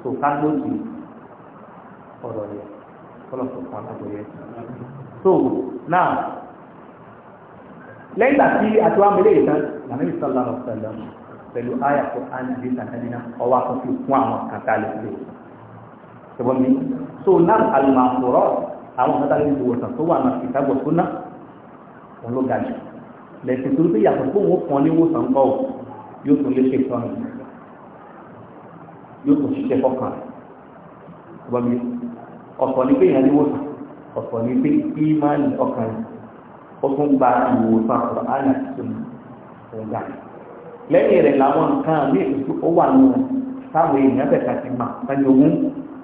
tó ká lóde ọ̀rọ̀ yẹ kọ́lọ̀kọ̀ kan lágbo yẹ. so now lẹ́yìn ìgbà tí àtiwá mi lè tán làmì ìsọ̀lá ọ̀sẹ̀ lọ pẹ̀lú àyà tó á ní ìdí ṣùgbọ́n mi so náà alùmọ̀kùrọ̀ àwọn ọ̀nà tàbí ìwòsàn tó wà náà ìtàgbọ̀ tó ná òun ló ga jù lẹ́sìn tó ń pè yàtọ̀ pé òun kàn ní ìwòsàn kọ́ ò yóò tún lé ṣe tán yóò tún ṣiṣẹ́ fọ́kàn ṣùgbọ́n mi ọ̀pọ̀ ní pé ìyẹn ní ìwòsàn ọ̀pọ̀ ní pé ìmáàlì ọkàn ó tún gba ìwòsàn ọ̀rọ̀ àyà tuntun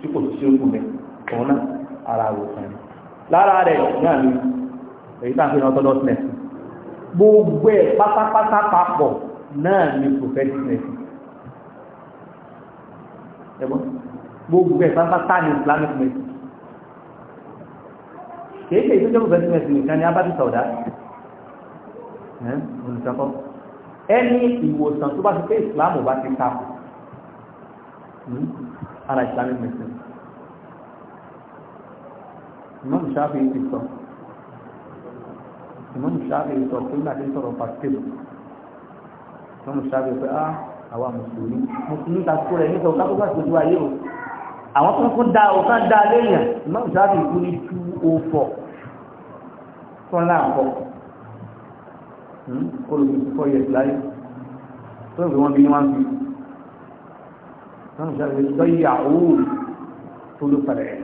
tí kò sí ogun rẹ̀ òun náà ara àwòsàn rẹ̀ lára rẹ̀ náà ni èyí tá à ń pè ní orthodox medicine gbogbo ẹ̀ pátápátá papọ̀ náà ni prophetic medicine ẹ̀gbọ́n gbogbo ẹ̀ pátápátá ni islamic medicine kéèké ìtọ́jọ́ prophetic medicine nìkan ni abájú sọ̀dá olùsọ́kọ́ ẹni ìwòsàn tó bá ti pé ìsìlámù bá ti ta ara islamic medicine imam shafi ti sọ imam shafi sọ pé nígbà tí ń sọ̀rọ̀ pàṣípò imam shafi pé á ah, àwa mùsùlùmí mùsùlùmí ta kó rẹ̀ nítorí kápẹ́kọ̀ àtòjú ayé o àwọn tó ń kó da ọ̀ká da lẹ́yìn imam shafi kú ní two oh four tọ́lá àkọ́ hmm? olùdókòó yẹ̀ láyé tó ń gbé wọn bí wọn fi náà sáré lọ́yàwó tó ló padà ẹ̀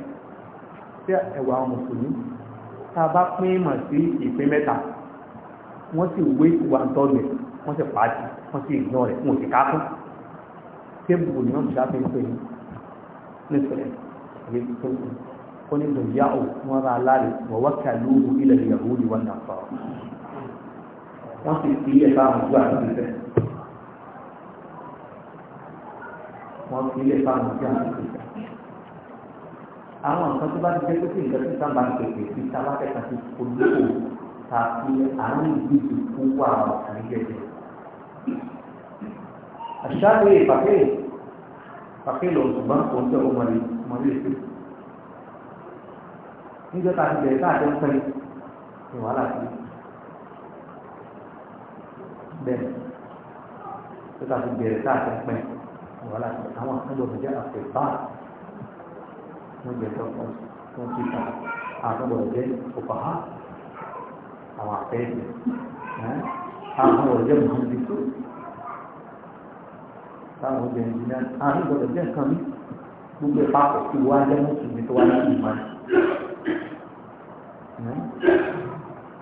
tí ẹ̀wà mùsùlùmí tá a bá pín mọ̀ sí ìpín mẹ́ta wọ́n sì wé ìwà tọ́lù wọ́n sì pàdé wọ́n sì ìgbọ́ rẹ̀ wọ́n sì kákún tébùkù ni wọ́n ṣáfẹ́ ń pè ní nísìlẹ̀ ìwé tó kù ó ní lọ́yàwó wọn ra aláàrẹ̀ wọ́n wá kàlú ilẹ̀ ìyàwó ìwà nàfà wọ́n sì fi ẹ̀ bá àwọn ìgbà àti ìfẹ́ wọ́n fi ilé fáwọn tí wọ́n ti gbà. àwọn nǹkan tó bá ti jẹ́ pé nǹkan tó sábà ń pèpè sí sábàkẹ́ta ti polówó tàbí àrùn ìdíje fún wà ọ̀sán jẹjẹ. àṣàlù ìpàkẹ́ ìpàkẹ́ lọ ṣùgbọ́n kò ń tẹ ọmọdé ọmọdé ìpè. níjọ́ ta ti bẹ̀rẹ̀ káàdé ń pẹ́ ní wàhálà sí. bẹ́ẹ̀ tó ta ti bẹ̀rẹ̀ káàdé ń pẹ́ ní wàhálà àwọn àtúndọ̀tò jẹ́ àfẹ́fà wọ́n jẹ́ tọ́kọ́ wọ́n ti ta àtúndọ̀tò jẹ́ òpàá àwọn àfẹ́fì àtúndọ̀tò jẹ́ mọ̀hánbí tó táwọn jẹ́ ìjìnlẹ̀ àtúndọ̀tò jẹ́ nǹkan mi gbogbo ẹ̀ papọ̀ sí wa jẹ́ mùsùlùmí tó wá láti ìmọ̀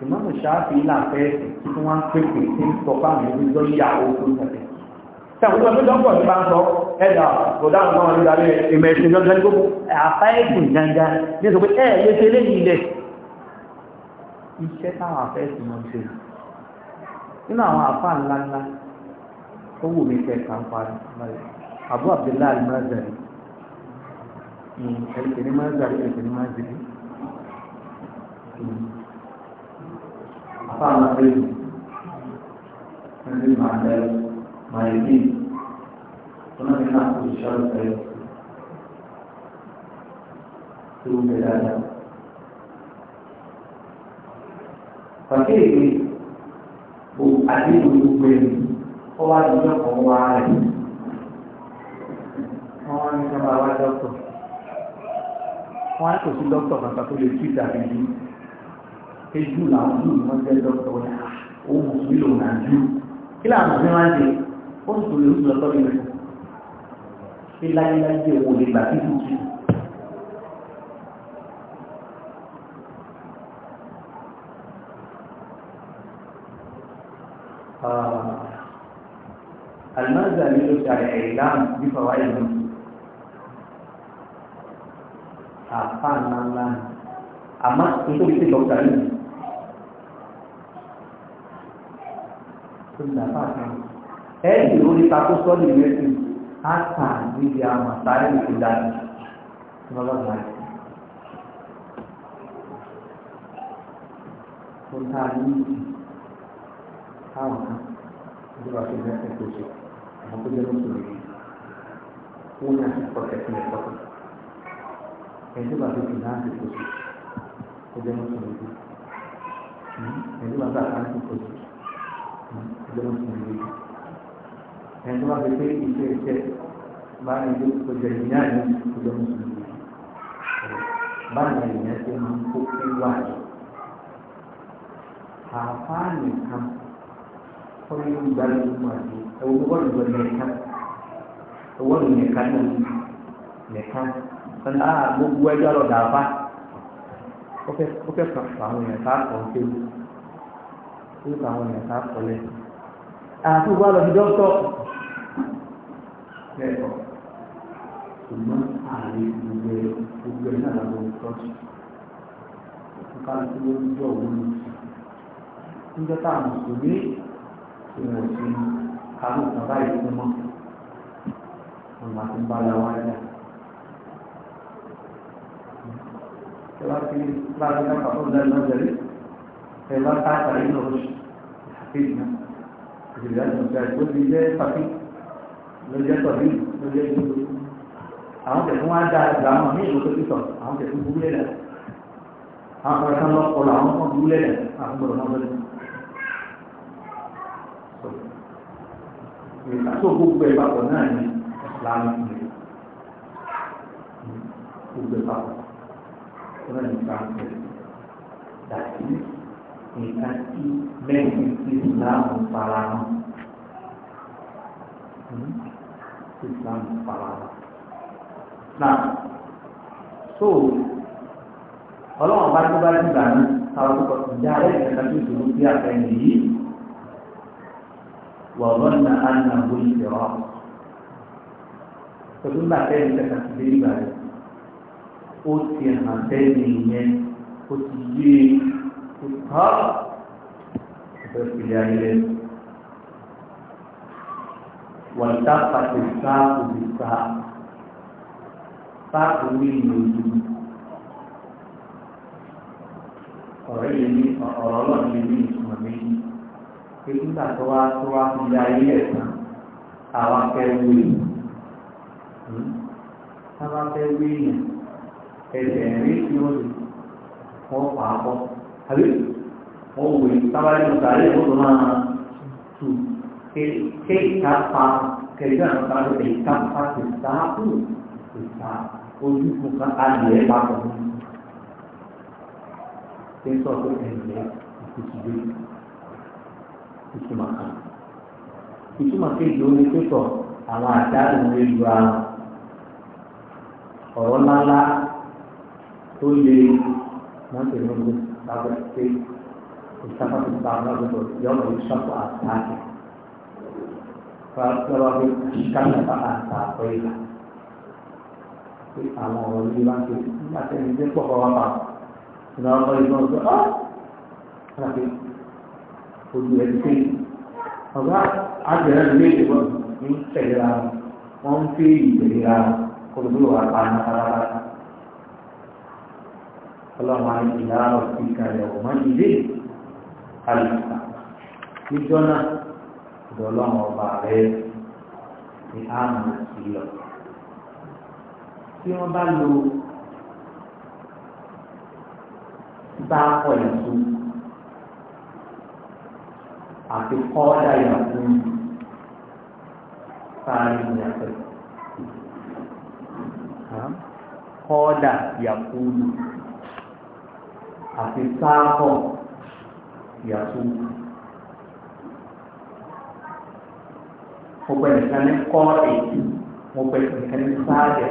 ìmọ̀ ìṣááfì ilà àfẹ́fì tí wọ́n ń pèpè sí sọ fáwọn ìwé lọ́yà owó tó ń tẹ̀lé tẹ̀kùn tó dọ́pọ̀ ní bá ń sọ ẹ̀dà ọ̀dáhùn náà ní ìdàrí ìmẹ̀sìn gangan ní gbogbo àfáẹ́sìn gangan ní sọ pé ẹ̀ lè ṣe léyìn ilẹ̀ iṣẹ́ táwọn àfẹ́sìn mọ́ ṣe nínú àwọn àfá fẹ́ kà ń parí Abu Abdullah al-Mazari hmm, ẹ̀rìkẹ̀ ní Mazari ẹ̀rìkẹ̀ ní Mazari hmm. àfá ńlá lẹ́yìn ẹ̀rìkẹ̀ ní Mazari Maliki Pernah dengar usaha saya Itu bedanya Fakir ini Bu Adi Bu Ben Kawan juga kawan Kawan yang bawa dokter Kawan itu si dokter Kata tu dia cerita ini Keju lah Keju Mereka dokter Oh muslim lah Keju Kila muslim lah ó sì lè lùsùn lọ́tọ́ nínú ṣé láyéláyé òun lè gbà títí tù. Àlùmáàzà ni ló ṣàrẹ̀ ẹ̀dáhùn bí fàwa ìlú. Àpá ńláńlá ni. Àmọ́ nítorí pé dọ́kítà yìí. Tó ń dàpá àtàwọn ẹ̀yìn lórí takó sọ́ọ̀lì méjì àtà níbi àwọn àtàrí ìlú dání tí wọ́n bá gbà yìí. tó ń ta ní àwọn kan ìjọba tó jẹ́ ẹ̀kọ́ ṣe àwọn tó jẹ́ lóṣù rẹ̀ wọ́n ní àti pọ̀tẹ́ sí ẹ̀kọ́ tó ẹ̀jọba tó jẹ́ náà ti kó ṣe tó jẹ́ lóṣù rẹ̀ hmm? ẹ̀jọba tó àkáǹtì kó ṣe tó hmm? jẹ́ lóṣù rẹ̀ ẹni tó bá fi pé iṣẹ́ iṣẹ́ báyìí ló kò jẹ ìyá yẹn kò jẹ mùsùlùmí báyìí ìyẹn ti máa ń kó kí wà yìí àáfàá nìkan ó ní ìgbàlódé àti ẹwọ gbọ́dọ̀ gbọ́dọ̀ nìkan owó nìkan náà nìkan kan á gbogbo ẹjọ́ lọ dàbá ó fẹ́ kàn fún àwọn èèyàn ká kàn ó kéwù ó fẹ́ kàn àwọn èèyàn ká kọ́ lẹ́sìn àti ìwà lọ sí dókítọ̀ lẹ́kọ̀ọ́ ṣùgbọ́n ààrẹ gbogbo gbogbo ẹ̀ náà lọ́wọ́ tọ́jú kálukú ló ń jọ òun ní níjọ́ tá à ń sùn ní ìwọ̀n sí àwọn bàbá yìí fún mọ́ àwọn àti ń bá ara wa jà. ẹ bá ti láti ká pàtó ìdájọ́ ìrìnà ìjọba ìgbó ti jẹ́ pàtí ló jẹ́ tọ̀bí ló jẹ́ ìgbó àwọn tẹ̀sán wá dáa ìgbà àwọn ní ìlú tó ti sọ àwọn tẹ̀sán burú lẹ́lẹ̀ àwọn kan kan lọ kọlọ àwọn kan burú lẹ́lẹ̀ àwọn gbọdọ̀ náà lọ́dún. ìgbàsó gbogbo ẹ̀ papọ̀ náà ni láàrín ìlú gbogbo ẹ̀ papọ̀ náà ni láàrín ìlú dàbí nǹkan tí mẹ́rin ìsìláàmù farahàn hmm? ìsìláàmù farahàn. náà tó ọlọ́run bá tó bá ti gbà ní àwọn ọkọ̀ ìjà rẹ̀ ìjọba tó dùn sí àfẹ́yìn yìí wọ̀ọ́dọ́ ní àná wọ́n ti rọ̀ pẹ̀lú nígbà tẹ́lẹ̀ ìjọba ti dé ìgbà rẹ̀ ó ti hàn tẹ́lẹ̀ yẹn ó ti yé e ha seperti dari wanita patisa kubisa tak ini orang ini orang ini suami itu tak tua tua dari awak hmm? awak kewi ẹsẹ̀ rí tí ó lè wọ́n pa àbí wọ́n wò ní sábàlì máa tù ké ìtàpá kẹ̀lẹ́gbẹ́ ìtàpá tó sáàpù tó sá ojú fún káta lẹ̀ papọ̀ sọ pé ẹ̀yẹ ìkùtùdé ìtumọ̀ kan ìtumọ̀ kejì ó ní pẹ́tọ̀ àwọn àdáàlú ń lé ara ọ̀rọ̀ ńláńlá tó lé mọ́tò ní ọdún lábẹ́ pé ìsáfà ti bá a lọ́dún lọ yọ ọ́ ìṣọ́pọ̀ àtàkì lọ́wọ́ pé káṣíkà àtà àpọ̀ ìlà pé àwọn ọ̀rọ̀ yìí bá ń pè látẹ̀yìn dé pọ̀ fọwọ́ pa ìlà ọkọ̀ ìlú ọ̀gbẹ́ ọ́ àti ojú ẹ̀ pé ọlọ́run máa ń yí láàárọ̀ sí ìkàlẹ̀ ọ̀mọ́ ilé àlùkà níjọ́ náà ọ̀dọ̀ ọlọ́run ọba rẹ̀ ni a máa sí lọ. tí wọ́n bá lo sáàpọ̀ ẹ̀sùn àti kọ́ọ̀dà ìyàtọ̀ sáàrin ìyàtọ̀ kọ́ọ̀dà ìyàtọ̀ àti sáàkọ̀ yàtú. mo pẹ nìkan ní kọ́ọ̀tì mo pẹ nìkan ní sáàdẹ̀.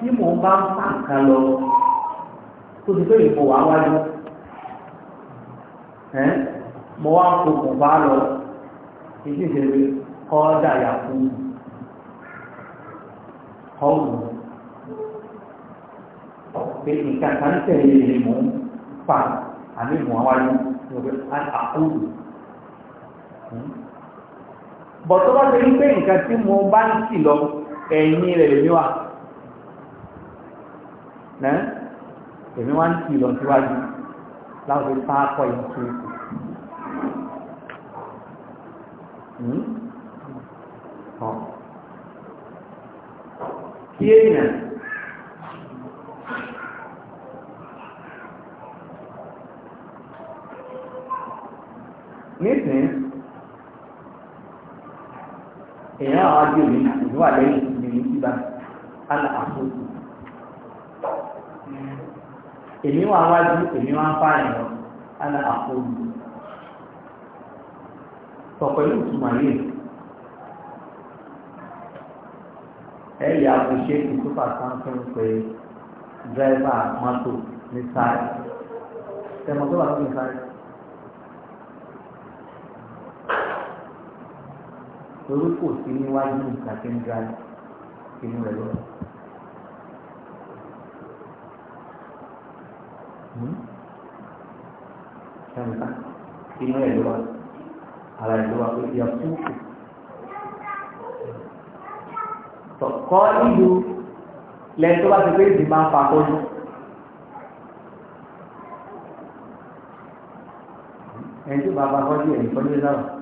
tí mo bá ń pa nǹkan lọ tó ti fẹ́ ìbò wá wájú mo wá ń fokùn bá lọ ìdí ìṣẹ̀lẹ̀ kọ́ọ̀dà yàtú. Ọ̀rùn pé nǹkan kan tẹ̀lé ni mò ń fà àmì mò ń wáyé ní ọ̀gbẹ́ àkúrò. Hmm? bọ̀ tó bá ṣe pé nǹkan tí mo bá ń sì lọ ẹ̀yìn rẹ̀ lèmi wà ẹ́ èmi wá ń sì lọ síwájú láwọn tó bá kọ́ ìlú tó kù. kí èèyàn wà lẹ́yìn lèyìn ti bá ala àfojù èmi wà wájú èmi wà ń fààyàn lọ ala àfojù sọ pẹ̀lú ìtumọ̀ yìí ẹ yà bó ṣe kí sófà kan tó ń pe dírẹ́fà mọ́tò ní sáré tẹmọ wà lókè sáré. torí kò sí níwájú nǹkan tí ń ga inú rẹ̀ lọ. Ṣẹ́nìkà hmm? inú rẹ̀ lọ ara rẹ̀ lọ wá pé ìyá túkù. Tọ̀kọ́ ìlú lẹ́yìn tó bá ti pé ìdí máa ń fa kọ́jú. Ẹni tó bá fa kọ́jú ẹ̀yìn kọ́jú sáwọn.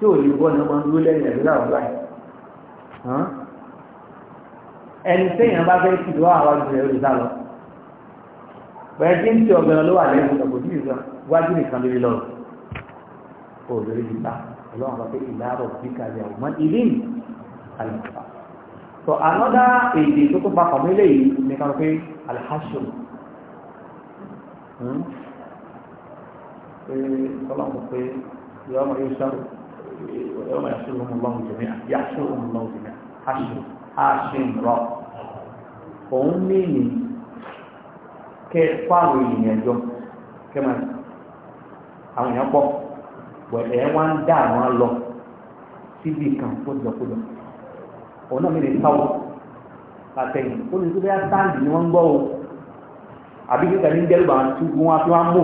tí ò lè bọ́ọ̀nà máa ń dúró lẹ́yìn ẹ̀rọ láwọn láì ẹni téèyàn bá fẹ́ kìlọ́ àwọn àjùmọ̀ ẹ̀rọ ìdá lọ bẹ́ẹ̀ tí ń tí ọgbẹ̀rún ló wà lẹ́yìn ọ̀pọ̀ tí ìgbà wájú nìkan lórí lọ́rọ̀ ó lórí ìgbà ọlọ́run bá fẹ́ ìlà bí kàlẹ́ ọ̀mọ́ ìlú àlùfà so another èdè tó tó papọ̀ mílẹ̀ yìí ni kan pé alhashu pé ọlọ́run pé yọ ọmọ yóò sọ̀rọ̀ yọ́mọ yàṣírùn lọ́wọ́ jẹ́míà yàṣírùn lọ́wọ́ jẹ́míà aṣírùn rọ òun ní ní kẹ fáwọn èèyàn jọ kẹmà àwọn èèyàn pọ̀ wẹ̀ẹ́ wá ń dá àwọn lọ síbi kan kójọkójọ òun náà mi lè sáwọ́ àtẹ̀yìn ó ní tó bẹ́ẹ̀ sáǹdì ni wọ́n ń gbọ́ o àbí kíkà ní dẹ́rù bá ń tú wọn á fi wá mú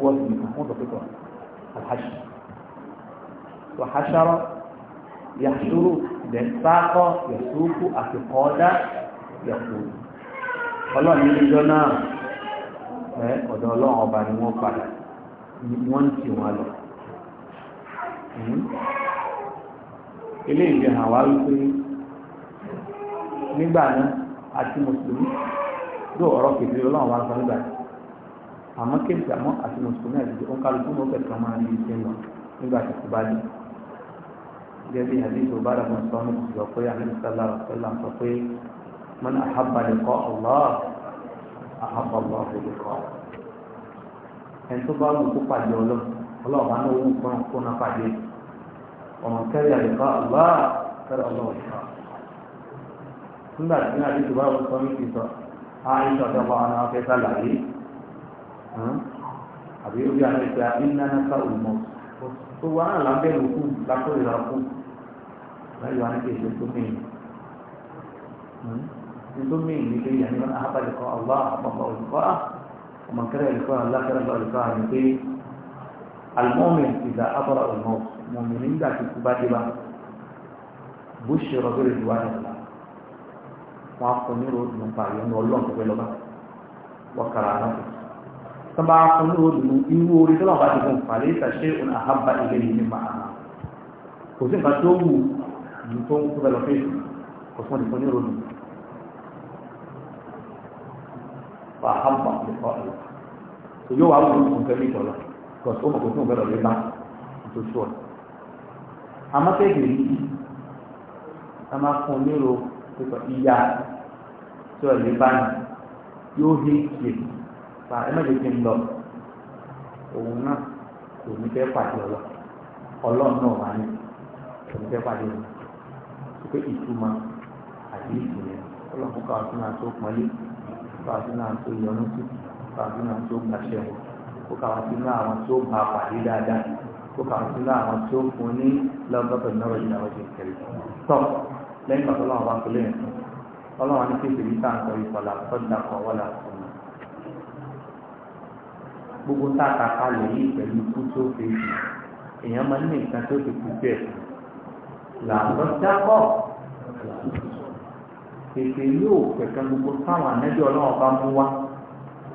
wọ́n sì nìkan wọ́n sọ pé kọ́ àlhájì wàhásárọ́ yàsúrù dẹ̀sákọ́ yàsúkú àfikọ́ọ́dá yàsúrù ọlọ́run ní ìjọ náà ẹ ọ̀dọ̀ ọlọ́run ọba ni قال padà wọ́n ń tì wọ́n lọ. Hmm? eléyìí fi hàn wá wípé nígbà náà àti mùsùlùmí ló ọ̀rọ̀ kékeré ọlọ́run wá sọ nígbà yìí àmọ́ kéèké àmọ́ àti mùsùlùmí àti ìdíje ó ń kálukú kan máa ń di iṣẹ́ lọ nígbà tó kú bá dé. جدي حديث مبارك من صامت وقوي عليه الله عليه من أحب لقاء الله أحب الله لقاءه ẹni tó bá wù kó pàdé ọlọ́run ọlọ́run bá náà wù kán kó náà pàdé ọmọ kẹrì àlùkò àlá kẹrì ọlọ́run kan nígbà tí ní àdéhùn bá wọn sọ ní ti sọ àìsàn ọ̀dọ́ bá Hmm? láyé ah, wa ní kí èso tó mìíràn ní tó mìíràn ní pé yàrá ìwọ̀n àhábà Allah kọ́ ọ̀lá àpapọ̀ olùkọ́ ọmọ kẹrẹ lè kọ́ ọ̀lá kẹrẹ lọ́ọ̀lù kọ́ àmì pé alimọ́mì ìgbà abọ́ra ọ̀nà mọ̀mí nígbà tí kú bá dé bá bó ṣe rọ́bí rẹ̀ wá nígbà wọn kò ní ro dùn pa ìyọnu ọlọ́run tó fẹ́ ìlú tó ń kó bẹ̀rẹ̀ fẹ́ ọ̀sán ìfọ́ ní ròdù wà á bà lè kọ́ ẹ̀rọ tó yóò wá wù ú nǹkan ní ìtọ́lọ kò tó mọ̀ kó tó ń bẹ̀rẹ̀ lé bá tó sùọ́ amákẹ́gbẹ̀ yìí a máa fún un nírò pípa ìyá tí ọ̀ lè bá yóò hé kìí pa ẹ má jẹ́ lọ òun náà kò ní fẹ́ pàdé ọlọ́ ọlọ́run náà wà ní kò ní fẹ́ pàdé ọlọ́ pé ìtumọ̀ àti ìtumọ̀ ọlọ́run káwọn sínú àti òpọ́nlé káwọn sínú àti òyọnú sí káwọn sínú àti ògbàṣẹ wọn kó káwọn sínú àwọn tí ó bá pàdé dáadáa kó káwọn sínú àwọn tí ó fún ní lọ́gọ́tọ̀ náà ìlànà ọjọ́ ìkẹrẹ tọ́ lẹ́yìn pàtó ọlọ́run bá kọlé ẹ̀ fún ọlọ́run ní kéde ní sáǹkọ ìfọ̀là tọ́jà kan wọ́lá fún mi gbogbo táàkà kalẹ̀ yìí pẹ̀lú ikú tó fèé èèyàn máa ń ní nǹkan tó ti kú bẹ́ẹ̀ fún làtọ́jákọ̀ ètè yóò pẹ̀kẹ́ gbogbo táwọn anẹ́jọ́ ọlọ́run bá mú wá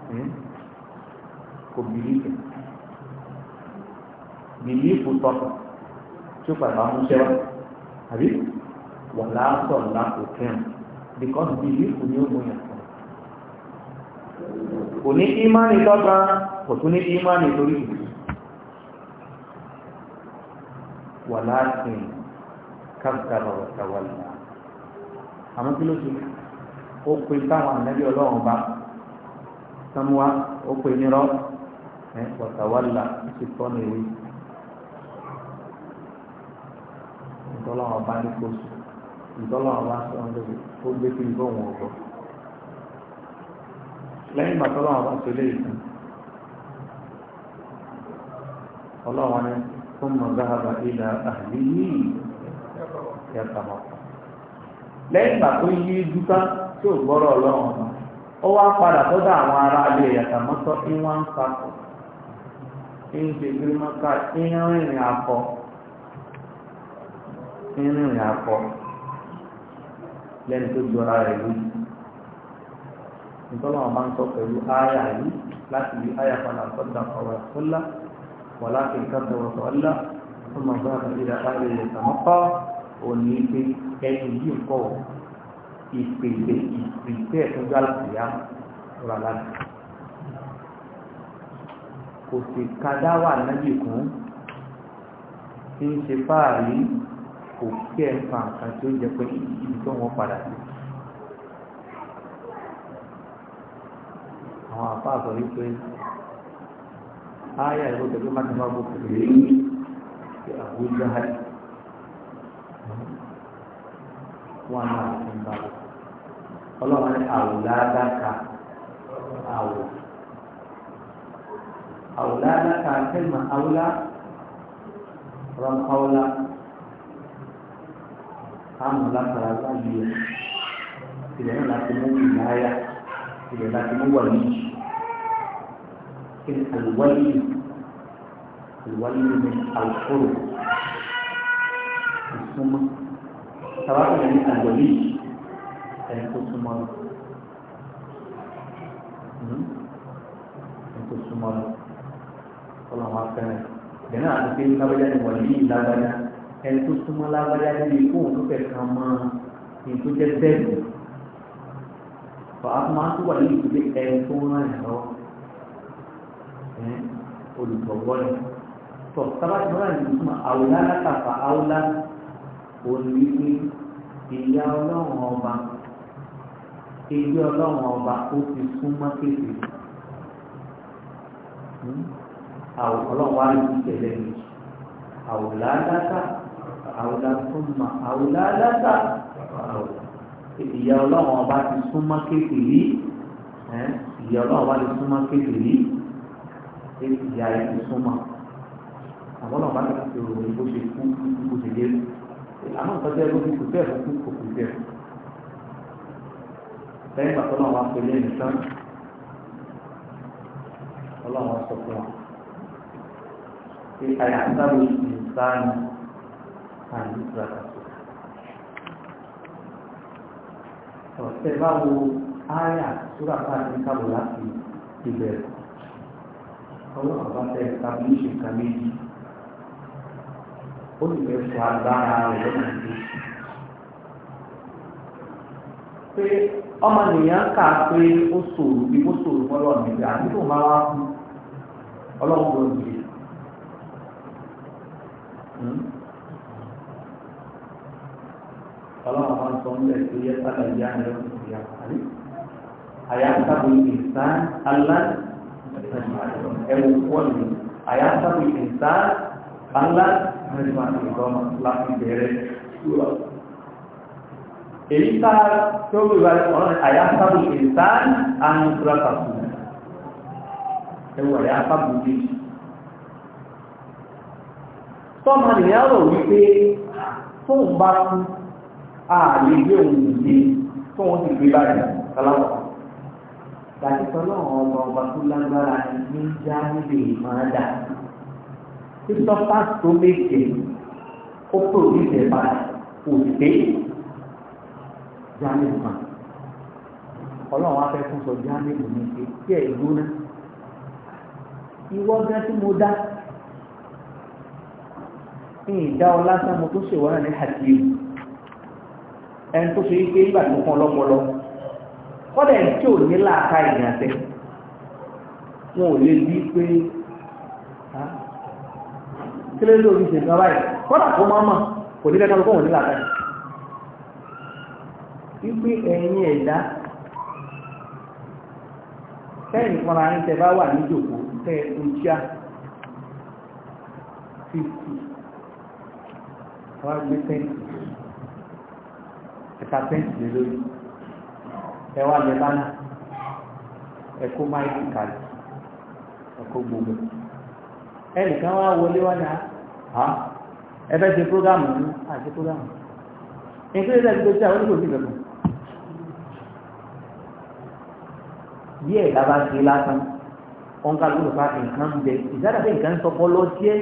hmm? kò bìlífù bìlífù tọ̀tọ̀ tí ó pàtàkì amúṣẹ́ wa àbí wà láàtọ̀ láàtọ̀ kẹrin because bìlífù ni ó mú yàn kọ́ kò ní ìmánì tọ́ta kò tún ní ìmánì torí wà láàtọ̀ استمتر وتولى àmọ́ kí ló ṣe ó pe táwọn ànábì ọlọ́run bá sánmúwá ó pe nírọ́ ẹ wọ̀tàwálà ó sì tọ́nu ìwé ìtọ́lọ́wọ́n bá ní kó sùn ìtọ́lọ́wọ́n bá sọ ọ́n lórí ó gbé kí ibò wọn gbọ́ lẹ́yìn ìgbà tọ́lọ́wọ́n bá sọ eléyìí tán ọlọ́wọ́n ni fún mọ̀gáhàbà ilà àhìlì yìí. yàtọ̀mọ̀tọ̀ lẹ́yìn ìgbà tó yí dúkà tí ò gbọ́rọ̀ ọlọ́run ọ̀nà ó wá padà sọ́dọ̀ àwọn ará ilé yàtọ̀mọ̀tọ̀ ń ń sakọ̀ ń ṣe gírímọ́ká ń rìnrìn ọrụ ń lẹ́yìn tó jọra rẹ̀ lójú nítorí wọn bá ń sọ pẹ̀lú láti ọ̀rọ̀ wọ̀lá òní pé ẹni yìí ń kọ́ ìpèlè ìpèsè ẹ̀fúnjọ́ àlùfíà rà lánàá kò sì ka dáwà náyè kún tí ń ṣe fáàrí kò kí ẹ̀ ń fa nǹkan tí ó jẹ pé ibi tó wọ́n padà sí. àwọn àfáà sọ wípé ááyà ìwọ́n tẹ̀lé má ti má gbókùn lé àbújá hàì. wọn náà ti ń bá wọn ọlọ́run ní àwòládàkà àwò àwòládàkà kẹ́lìmọ̀ àwòlá rọm àwòlá àmọ̀ látara báyìí ìrẹ̀ náà láti mú ìyáyà ìrẹ̀ láti mú wàlí kí ni àlùwáyé àlùwáyé ni àlùfóró ìsúnmọ́ sàwákì ní àgbọ̀lì ẹni tó súnmọ́ lọ. Hmm? ẹni tó súnmọ́ lọ kọ́lọ̀ wọn fẹ́rẹ̀. bẹ́ẹ̀ náà àti pé lábẹ́já ni wọ̀nyí lágbájá ẹni tó súnmọ́ lágbájá níbi fóun tó fẹ́ kan mọ́ ẹni tó jẹ́ bẹ́ẹ̀ fàá máa ń wà ní ìdílé ẹni tó ń ràn lọ olùgbọ̀wọ́ rẹ̀ tọ̀ sábà tí wọ́n rà ní ìtumọ̀ àwòlá látàfà àwòlá òní ìyá ọlọ́run ọba ilé ọlọ́run ọba ó ti súnmọ́ kéde hmm? àwọn ọlọ́run wa ní ìtẹ̀lẹ́ mi àwòlálátà àwòlátúmọ̀ àwòlálátà ìyá ọlọ́run ọba ti súnmọ́ kéde yìí ìyá ọlọ́run ọba ti súnmọ́ kéde yìí ìyá ẹ̀ ti súnmọ́ àwọn ọlọ́run ọba ti rò ní bó ṣe kú bó ṣe dé. àmọ́ nǹkan jẹ́ ló fi kù bẹ́ẹ̀ fún kò kù bẹ́ẹ̀. lẹ́yìn ìgbà tó náà wá pè ní ẹnìkan ọlọ́run wá sọ fún wa pé àyà sábà ìsáàánú àti ìtura ọ̀sẹ̀ báwo áyà sóra káàkiri káàbọ̀ láti ìbẹ̀rẹ̀ ọlọ́run bá ó sì lè sọ agbára rẹ̀ lọ́nà tó pé ọmọ nìyẹn kà pé ó ṣòro bí ó ṣòro mọ́lọ́ nígbà àti tó máa wá kú ọlọ́run ló ń gbé hmm? ọlọ́run máa sọ nílẹ̀ tó yẹ sábà yá ni ó ti àyàtàbí ìsán alá ẹ̀wọ̀n pọ̀ àyàtàbí ìsán alá mẹ́rin máa ti gọ́mà láti bẹ̀rẹ̀ ṣúra èyí tá tó wíwá ọ̀rọ̀ àyáfàbù ìtàn àmì ìtúrátà fún ẹwà àyáfàbù méjì tọ́mà nìyàn rò wípé fóun bá kú ààyè gbé òun ìdí tóun ti gbé báyìí kaláwọ̀ láti tọ́lọ́ ọmọ Christopher tó méje ó pè ó níjẹ̀ bá òde Jamiu kan. Ọlọ́run á fẹ́ fún sọ Jamiu mi pé kí ẹ̀ gbóná. Ìwọ gan tí mo dá ìdá ọ lásán mo tó ṣèwọ́n náà ní Hakim ẹni tó ṣe wípé ìgbà tó kàn lọ́pọlọ kọ́dà ẹ̀ tí ò ní láàká ìrìnàṣẹ́ wọn ò lè bí pé kí ló orí ṣe nǹkan ẹ̀ kọ́dà kó máa mọ̀ kò ní lẹ́kọ̀ọ́ kóhùn nílà wípé ẹ̀yìn ẹ̀dá kẹ́yìn kan ara ń tẹ bá wà ní ìjòkó tẹ ojá fífi wọ́n gbé pẹ́ǹtì ẹ̀ka pẹ́ǹtì lé lórí ẹ wá lẹ ẹ kó máìkì ẹnìkan wá wọlé wá dáa ha ẹbẹ́ ṣe prógámù ní àti prógámù nítorí ẹ̀dá ìgbésí àwọn oníkò sí ìgbẹ̀kùn bí ẹ̀dá bá ṣe lásán wọn ká lóòrùn pa nǹkan bẹ ìsára pé nǹkan sọ pọ́ lọ́tíẹ́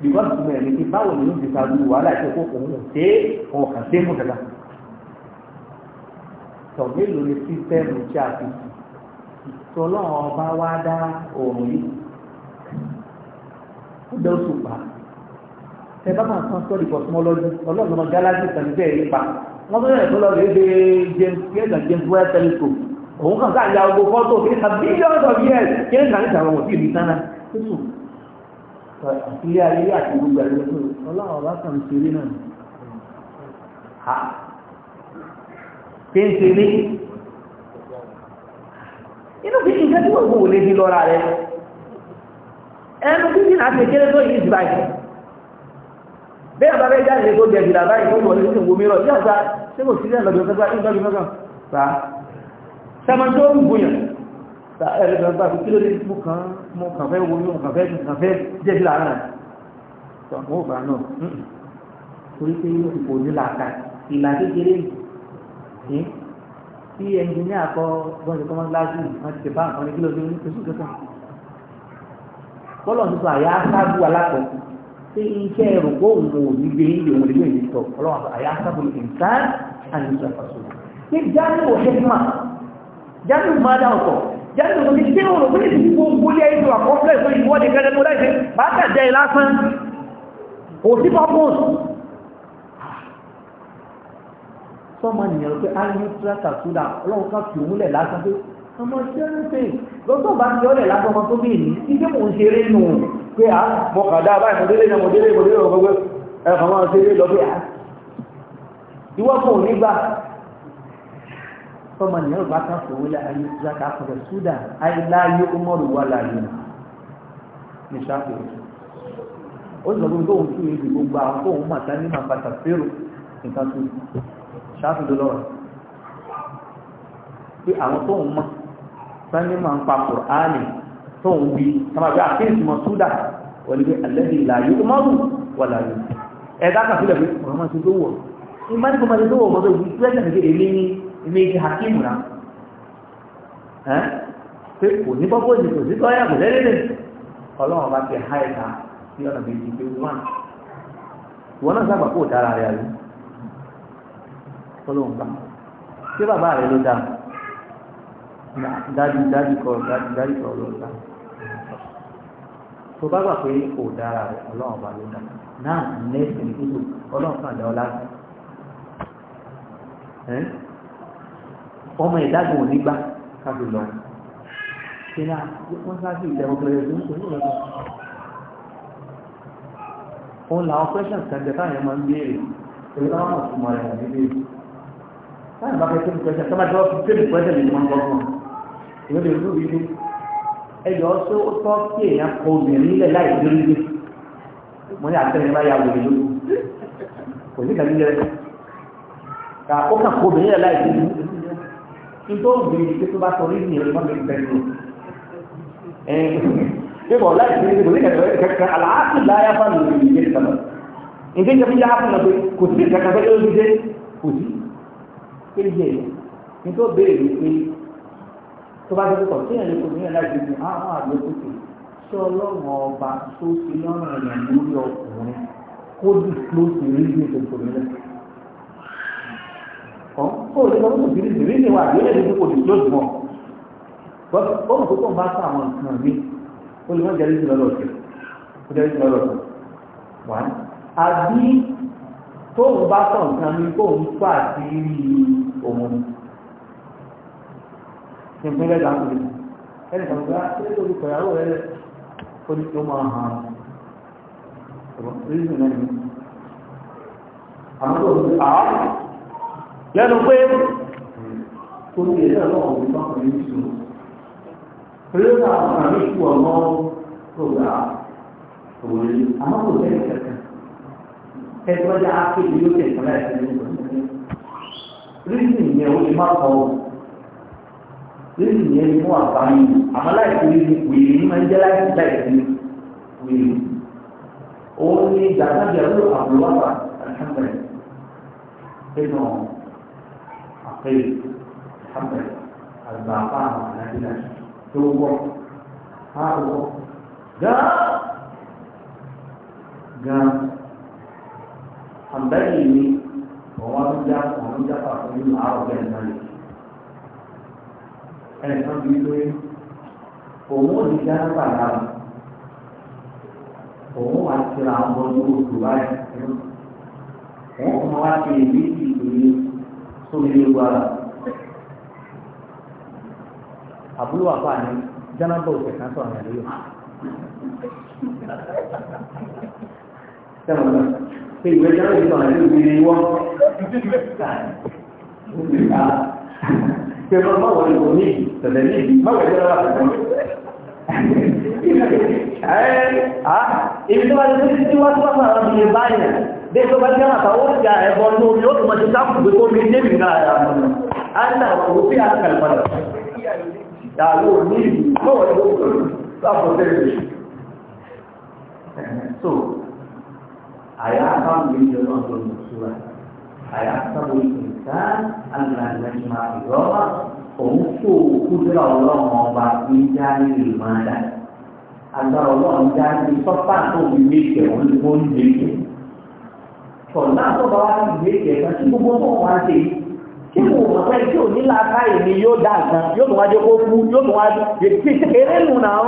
bíkọ́sì mi ẹ̀mí ti báwo ni yóò fi ka lu wàhálà ìṣe kó òun ò dé òun mú kẹta tọ̀ mélòó ni sísẹ́mù tí a fi tọ́lọ́run ọba wá dá òòrùn yìí ó dẹ́ oṣù pa ẹ bá máa tán sọ́ọ̀dì cosmology ọlọ́run ọmọ galaxy kan bẹ́ẹ̀ nípa wọ́n tó yẹ kó lọ rèé de James kẹ́ńtà James Webb telescope òun kàn sáà ya ogbó fọ́tò kí ní ka billions of years kí ní ka ní sàrọ̀ wọ̀ sí ìlú sáná tuntun ilé ayé àti gbogbo ẹ̀rọ tó ọlọ́run ọba kan ń ṣeré náà ha ṣé ń ṣeré inú bí nǹkan tí wọ́n wò lè di lọ́ra rẹ̀ ẹnu títí láti kéré tó yìí báyìí bẹ́ẹ̀ bá bẹ́ jáde tó jẹ̀ jìlá báyìí tó wọlé tó wọmí rọ̀ yàtà tí kò sí lẹ́lọ́dọ̀ tó gbá ìgbàgbé mẹ́gbà pa sẹ́mọ tó ń gbìyàn ta ẹ̀rẹ́ tó gbà kí ló dé mú kan mú kàn fẹ́ wọmí mú kàn fẹ́ mú kàn fẹ́ tí ẹnjìníà kọ bọ́ọ̀lù kọ́mọ́ gíláàsì wọn ti bá nǹkan nígbà lórí oṣù kẹta bọ́ọ̀lù tuntun àyà sábù alákọ̀ọ́ tí iṣẹ́ ẹ̀rù gbóhùn ò ní gbé ilé òun lè ní tọ̀ ọlọ́wọ́ àyà sábù nǹkan àti ìṣàkóso ní jáde òṣèlúmà jáde òmàdà ọ̀tọ̀ jáde òṣèlú tí ó rò pé ní gbogbo ilé ayé tó àkọ́kọ́ ìwọ́de kẹ́lẹ́mú láìsí bá sọ́mọ nìyẹn pé ayé tíráta sódà ọlọ́run ká fi òun lẹ̀ lásán pé ọmọ ṣẹ́rí pé lọ́tọ̀ bá ti ọlẹ̀ lásán ọmọ tó bí èyí tí pé mò ń ṣeré nù pé à ah, mọ kàdá báyìí mọ̀délé náà mọ̀délé mọ̀délé ọ̀gbọ́gbọ́ ẹ̀fọ́ máa ṣeré lọ pé à ah. ìwọ kò ní gbà sọ́mọ nìyẹn bá ká fi òun lẹ̀ ayé tíráta sódà ayé láyé ó mọ̀rù wà láyé ní ṣáfihàn ṣáàfìdó lọ́rọ̀ pé àwọn tó ń mọ́ sani máa ń pa kùránì tó ń wí tàbí àkéèsì mọ́ súdà wọ́n ni pé àlẹ́dì ìlàyé mọ́rù wà láyé ẹ̀dá kan sílẹ̀ pé ọ̀rọ̀ máa ti tó wọ̀ ní bá ní kó máa ti tó wọ̀ mọ́tò ìwé pẹ́ẹ́sì àti èlé ní ilé ìdí hakimu náà ẹ́ pé kò ní bọ́bọ́ ìdí kò sí tọ́yà kò lẹ́lẹ́lẹ́ ọlọ́run bá ti há ẹ̀ka sí ọ̀nà méjì pé wọ́n náà sábà kó dára rẹ̀ àlú fọlọ́wọ́n bá bàbá rẹ ló dáa dájú dájú kọ dájú kọ ló tó bá gbà pé kò dára ọmọ ìdágùn lọ wọ́n sáájú ìtẹ̀wọ̀n pẹ̀lú ẹ̀dùn ní òun làwọn máa ń béèrè pẹ̀lú táwọn bá fẹ́ tó nìkan ṣe àtọ́bá tó fi tó nìkan ṣe nìkan gbọ́ fún ọ ìwé lè rú ilé ẹjọ́ tó ó tọ́ sí èèyàn kọ obìnrin nílẹ̀ láì lórí ilé mo ní àtẹnudẹ́ bá ya wòlé lóko kò sí ìdájú lẹ́rẹ́ kà ó kà kọ obìnrin nílẹ̀ láì lórí ilé nítorí obìnrin ìdílé tó bá sọ orí ìyẹn lọ́mọ ìgbẹ́ nù ẹ̀ ẹ̀ bọ̀ láì lórí ilé kò sí ìdájú kẹ̀kẹ́ àlàáfíà láyà bá lórí ilé kàlọ́ ìdíjẹ́ fi yá fún ọ pé kò sí ìdájú kẹ̀kẹ́ lórí ilé kò sí kéréje yìí ní tó béèrè ní pé tó bá ti kọ̀ kéèyàn lè kó níyàn láti fi hàn án àlọ́ kókè ṣé ọlọ́run ọba tó fi lọ́rùn rẹ̀ lórí ọkùnrin kó dì ló sì rí ní ìṣòro rẹ̀ kàn kó o lè lọ kó sì rí rí ní wa àgbélé ní kó dì lóṣù mọ́ bọ́sì ó mọ̀ tó tó ń bá sọ àwọn nǹkan mi ó lè má jẹ́ rí sí lọ́dọ̀ ọ̀sẹ̀ ó jẹ́ rí sí lọ́dọ̀ ọ̀sẹ̀ wá àbí tóun bá sọ nǹkan mi kóun tó òun ah, ní ìpínlẹ̀ dáńgbé ẹni kan gbá ṣe tó lùkọ̀ ìyàwó rẹ̀ ó ní tó máa hàn rí ìrìn ẹni àmọ́ tó ń bá ah, lẹ́nu pé tó ti ẹ̀dẹ́ ọlọ́run ní bá pẹ̀lú ìṣòro pẹ̀lú àwọn àmì ìṣù ọmọ tó gbà òwúrẹ́ àmọ́ kò tẹ́lẹ̀ kẹ̀kẹ́ ẹgbẹ́ dá kéde rísì yẹn ó ti má kọ́ ọ rísì yẹn ni fún àǹfààní àmọ́ láìsí rísì wèrè ní máa ń jẹ́ láìsí láìsí wèrè òun ni ìdàgbàjẹ́ ló àbúrọ́wà àlùfáàfẹ́ ẹ̀nà àfẹ́ àfẹ́ àgbàfà àdínà tó wọ́ àwọ̀ gáà gáà àbẹ́yìn ni ọ̀wọ́n tó já àwọn jápa fún yìí àárọ̀ bẹ́ẹ̀ náà yìí. ẹnì kan bí pé òun ò ní jápa lára òun wà ti ra àwọn ọmọ ní oṣù báyìí òun kò máa wá ṣe èyí tí ìpínlẹ̀ sómi léwu ara. àbúrò àpá ni jánábọ̀ òkè kan sọ̀rọ̀ ẹ̀ lóyún sẹ́wọ̀n náà ṣe ìwé jáde sọ̀rọ̀ ẹ̀ lóyún wọ́n. Pero no voy con él, se le dice, no voy a llevar con él. Ah, ibi tó bá ti tẹ́lẹ̀ tí wá tó bá fara mi báyìí bí tó bá jẹ́ àtàwọ̀ ìjà ẹ̀bọ̀n ní orí ó tó máa ti sáàpù pé kó ní débi náà yà mọ̀. a ń tó sáàpù tẹ́lẹ̀. so àyà àkàlùmọ̀ ìjọ náà tó lọ àyàtọ̀ ìgbà alàgbàjìmọ̀ ìrọ́wà òun kó kúdúrà ọlọ́run ọba ní jáde lè máa dà agbára ọlọ́run jáde sọ́pà tó fi méjì ẹ̀wọ̀n ní wọ́n ń méjì ọ̀nà àtọ́ba wa ti méjì ẹ̀ka tí gbogbo tó wà ṣe kí mo mọ̀ pé tí ò ní láta èmi yóò dà gan yóò tún wá jẹ́ kó kú yóò tún wá jẹ́ kí eré nù náà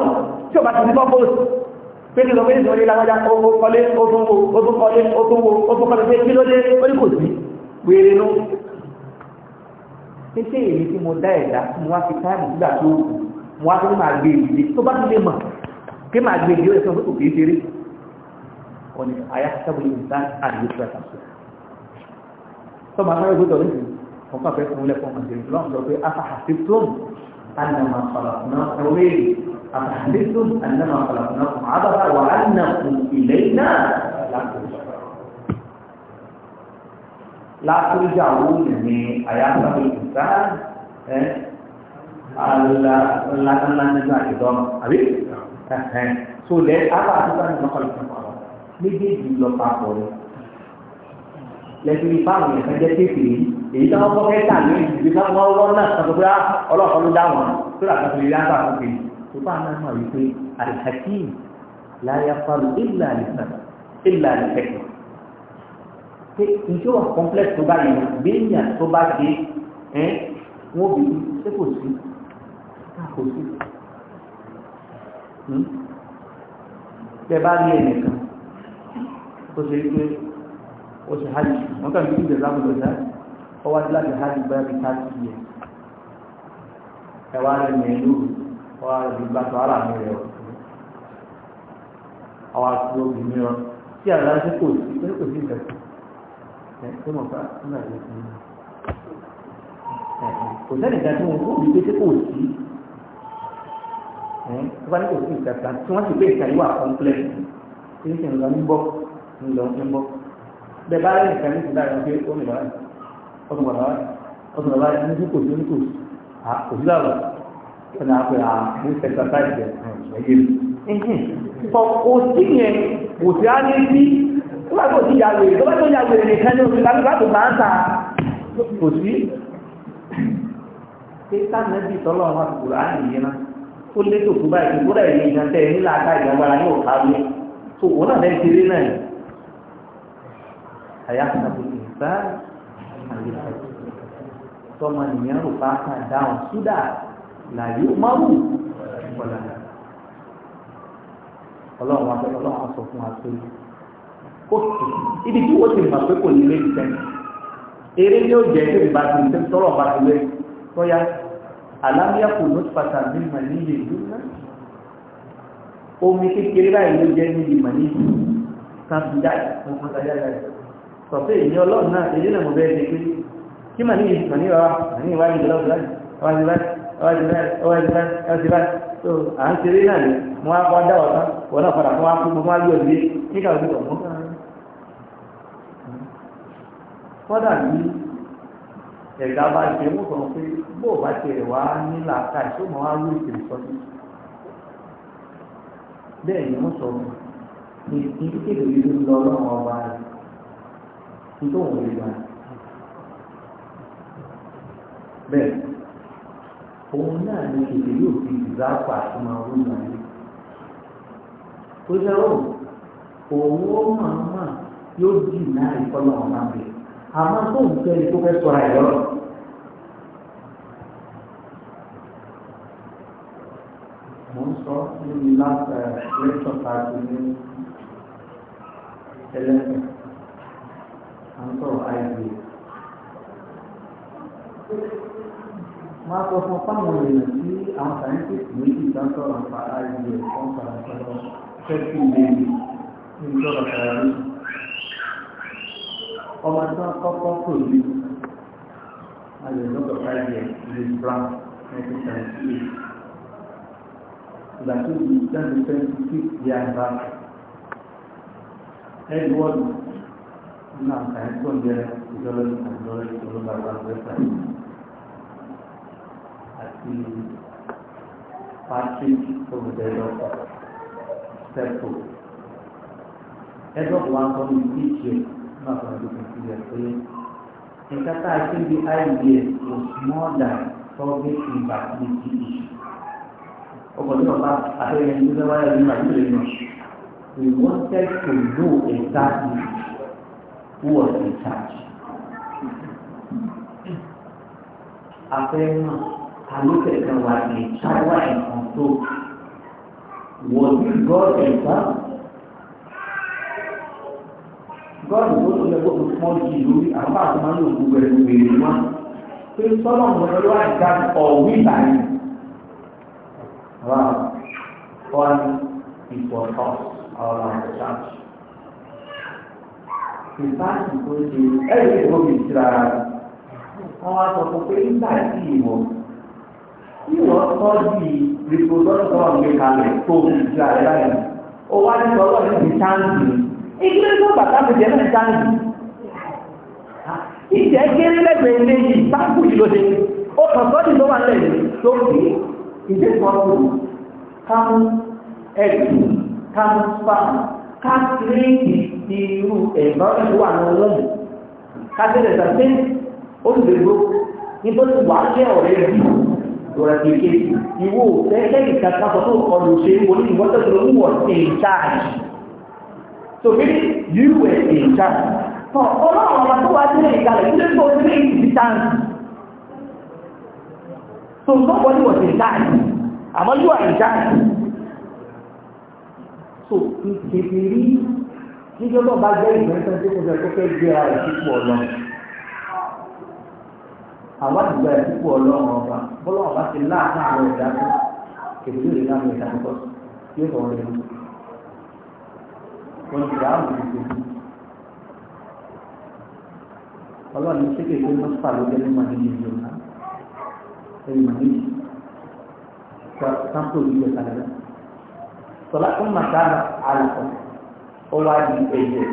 tí o bá ti ní bọ́bọ̀ pété lọ pété lọ ní lágbájá ó kọ́lé ó tún wo ó tún kọ́lé ó tún wo ó tún kọ́lé pé kí ló dé ó ní kò sí wéré ló pété èyí tí mo dá ẹ̀dá tí mo wá fi táìmù nígbà tó kù mo wá fi máa gbé ìdílé tó bá nílé mọ̀ kí máa gbé ìdílé tó kù kìí ṣeré ọ̀nà àyà sábòlì nǹkan àdìyẹ́sọ̀ àtàkùn tó máa sáré gbọ́dọ̀ níbi wọn kàn fẹ́ fún ilé fún ọmọdé lọ́n sọ pé afahàfi tóun anamọ fàlàfúnà ọ̀rẹ́rì látúrúdà owó ní àyàtọ̀ ìgbà ẹ̀ ńláńlá nínú àìdọ́mọ̀ àbí ẹ̀hẹ́n tó lẹ́ ábà àtúntà ní ọkọ̀lùkọ̀ ọ̀rọ̀ méjèèjì lọ papọ̀ rẹ̀ lẹ́sìn ipá àwọn ẹ̀fẹ́ jẹ́ kéèké yìí èyí tí wọ́n fọ́kẹ́ tà ní ìdílé ká wọ́n lọ́ náà sọ pé ọlọ́ọ̀kan ló dá wọn tó rà kan tó lè lágbà fún kéèké tó bá náà mọ̀ wípé àlìkàkì láyà ìlà àlìkàkì ìlà àlìkàkì pé njẹ́ wà complex tó bá yẹn gbẹ̀yìn tó bá dé ẹ́ wọ́n bí ṣé kò sí ah, kò sí. Hmm? tẹ bá ní ẹnìkan ó ṣe pé ó ṣe hajj wọn kàn gbé ìgbésà kò lọ́jà ọ wá sí láti hajj bá bí káàkiri yẹ ẹ wá rẹ ní ẹlú ọ wá rẹ bí gbà tó ara mi rẹ ọ wá sí obìnrin ọ tí àgbà ṣe kò sí pé kò sí ìgbésà ṣé kò sẹ́ni ìgbà tí kó òbí pété kò sí tó bá ní kò sí ìgbà tí wọ́n sì gbé ìka ìwà kọ́ńpilẹ̀ tí ń sì ń lọ ń bọ̀ ń lọ ń bọ̀ bẹ́ẹ̀ bá rẹ̀ nìkan ní ìgbà yẹn pé ó nìbàrà ọdún bàbá ọdún bàbá ní kí kò sí ní kò sí kò sí dàrọ̀ ọ̀nà àpè àwọn ìfẹsàtà ìgbẹ̀ ẹ̀yẹ mi. kò sí yẹn kò sí á ní sí bá tó ti yàwó èrè tó bá tó yàwó èrè nìkan ní oṣù láti láti máa ń ta kò sí. pé sáàmì bí tọ́lọ́ àwọn àkùkùrọ̀ á nì yẹn náà ó lé tó kúbá ìlú kúrò ẹ̀yìn ìyàn tẹ nílà aka ìyàwó ara yóò ká lé tó òun náà lẹ́yìn ti rí náà yìí. àyà àbò ìgbà àyè tọ́mọ nìyẹn rò bá kà dáhùn súdà làyé máa ọlọ́run wa sọ fún wa pé òkè ibi tí wọ́n ti mọ̀ pé kò ní lé ìfẹ́ eré ní ó jẹ́ tó ìbá ti ṣe tọ́rọ̀ bá ti lé tọ́yá àlàáfíà kò ní pàtàkì mímọ̀ ní ilé ìlú náà omi kékeré láì ló jẹ́ níbi mọ̀ ní ìlú kan fi dá ìfún fún ọjà yára rẹ̀ sọ pé èyí ọlọ́run náà èyí náà mo bẹ́ẹ̀ ṣe pé kí mọ̀ ní ìlú mọ̀ ní ìwà mọ̀ ní ìwádìí lọ́wọ́ láti ọwọ́dì báyìí ọwọ́dì báyìí ọwọ́dì báyìí tó à ń ṣeré náà ni mo wá kọ́ dá ọ̀tán wọ́n náà padà fún wa kú mo fún wa lóòdì nígbà tó wọ̀ mọ́ kọ́dà ní ẹ̀dá bá ṣe mú sọ pé bó bá ṣe rẹ̀ wá nílà ká ìṣòmọ̀ wá ló ìṣèlú sọ́tún bẹ́ẹ̀ ni wọ́n sọ ní ìkéde yìí ń lọ ọlọ́run ọba rẹ̀ nítorí òun lè gbà bẹ́ẹ̀ òun náà ni èdè yóò fi ìzáàpà tó máa wú ìgbà yìí tó jẹ́ òun òun ó máa máa yóò dì náà ìkọlọ́ ọ̀nà bẹ̀rẹ̀ àmọ́ tó ń tẹ́ tó fẹ́ sọ̀rọ̀ ẹ̀ lọ́rọ̀. mo ń sọ níbi láti eh, lẹ́tọ̀ pàtó ní ẹlẹ́sìn à ń sọ̀rọ̀ àìsí. máa sọ fún fáwọn èèyàn ọmọ tí wọ́n kọ́kọ́ kò lè alẹ́lọ́dọ̀ káyẹ̀ ilé brown nineteen seventy eight ìgbà tó di twenty twenty six di àgbà edward nínú àǹfààní tó ń jẹ ìjọba ìjọba ìjọba ìjọba ìjọba àti patrick olùdarí ọkọ edward wà ń ní ìdíje nígbà tó ń dúpọ̀ sílẹ̀ pé nǹkan tá a ṣe bí IVF was more than public infertility issue. ọkọ̀ tí wọ́n bá àtẹ̀yẹ ní sọ́wọ́ ayé ní àdúgbò náà we wanted to know exactly who was in charge. afẹ́ náà àlùkẹ̀kẹ̀ wà ní ṣáwá ẹ̀kan tó wọ́n ti gbọ́ ẹ̀ka lọ́ọ̀dù tó tó lẹ́gbọ́ tó pọ́n jì lórí àwọn àti máa ń lò gbogbo ẹ̀rù wèrè wọn pé sọ́nà ọ̀gbọ̀n ló wà nígbà ọ̀wí ìbàyí wà wọ́n ìfọ̀tọ̀ ọ̀rọ̀ àtúnṣe. Ìfáàsì tó ṣe ẹ̀rí ìwọ́bi ìṣura rẹ̀. Wọ́n wá sọ fún pé nígbà tí ìwọ̀ tí wọ́n tọ́ di rìpọ̀tọ́tọ̀ ọ̀gbẹ́kalẹ̀ tó ìṣura rẹ̀ báyìí. Ó wá ní sọ́wọ́ ìgbé tó bàtà tó jẹ́ mẹ́ta ní ìjẹ́ kéré lẹ́gbẹ̀ẹ́ ilé yìí báńkù yìí ló dé ó kàn sọ́dí ló wà lẹ́yìn tó pè é ìdí kan ló kánú ẹ̀dùn kánú fà kákìrìkì irú ẹ̀gbọ́n ìlú wà ní ọlọ́mù kákìrì ẹ̀dà pé ó lè gbó tí wàá jẹ́ ọ̀rẹ́ bí ọ̀rẹ́ kékeré ìwò fẹ́ kẹ́kẹ́ ìka kan sọ fún ọ̀nà òṣèlú tó ń wọ̀ sí ìjáàjì So really, you were in So ọlọ́run ọba tó wá sílẹ̀ ìkàlẹ̀ tó tó sílẹ̀ ìdíjáǹsì. So somebody was in charge. Àmọ́ you are in charge. So ìkèkè rí níjọ́ náà bá jẹ́ ìgbẹ́sẹ̀ tó kọjá tó fẹ́ gbéra ìsìnkú ọlọ́run. Àwọn àdìgbà ìsìnkú ọlọ́run ọba bọ́lọ́run ọba ti láàárín àwọn ìdájọ́ kèkè lórí láàárín ìdájọ́ yóò sọ̀rọ̀ lẹ́nu olùdá àwùjọ ìgbòho ọlọ́run ṣé kéèké mọ́sípà ló gẹ́lẹ́ mọ́ nínú ìlú náà ẹ̀yìn mọ́ níbi wà sáńpò ìlú ẹ̀ka lẹ́la sọlá ń màtá àlùkò ó wá di ẹ̀jẹ̀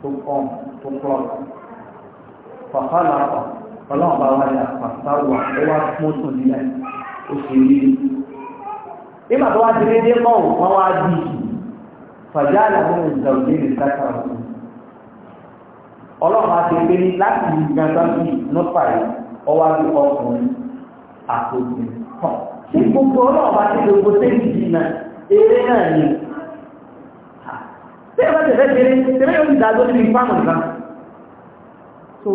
tó kọ́ tó kọ́ pàpà làpà ọlọ́run bá wá yà wà ó wá mọ́tò nílẹ̀ ó sì rí i. nígbà tó wá di mọ́ wọn wá di ìsìn fàjálà mú ìjà òde lè sáka ọ̀hún ọlọ́run àti pé láti ìgbà sáfì nípa ẹ̀ ọwá bí ọkùnrin àtòkùn kan ṣé gbogbo ọlọ́run àti gbogbo sẹ́yìn yìí náà eré náà ni ṣé ìwé tẹ̀lé tẹ̀lé tẹ̀lé yóò ti dájọ́ níbi fáwọn nǹkan so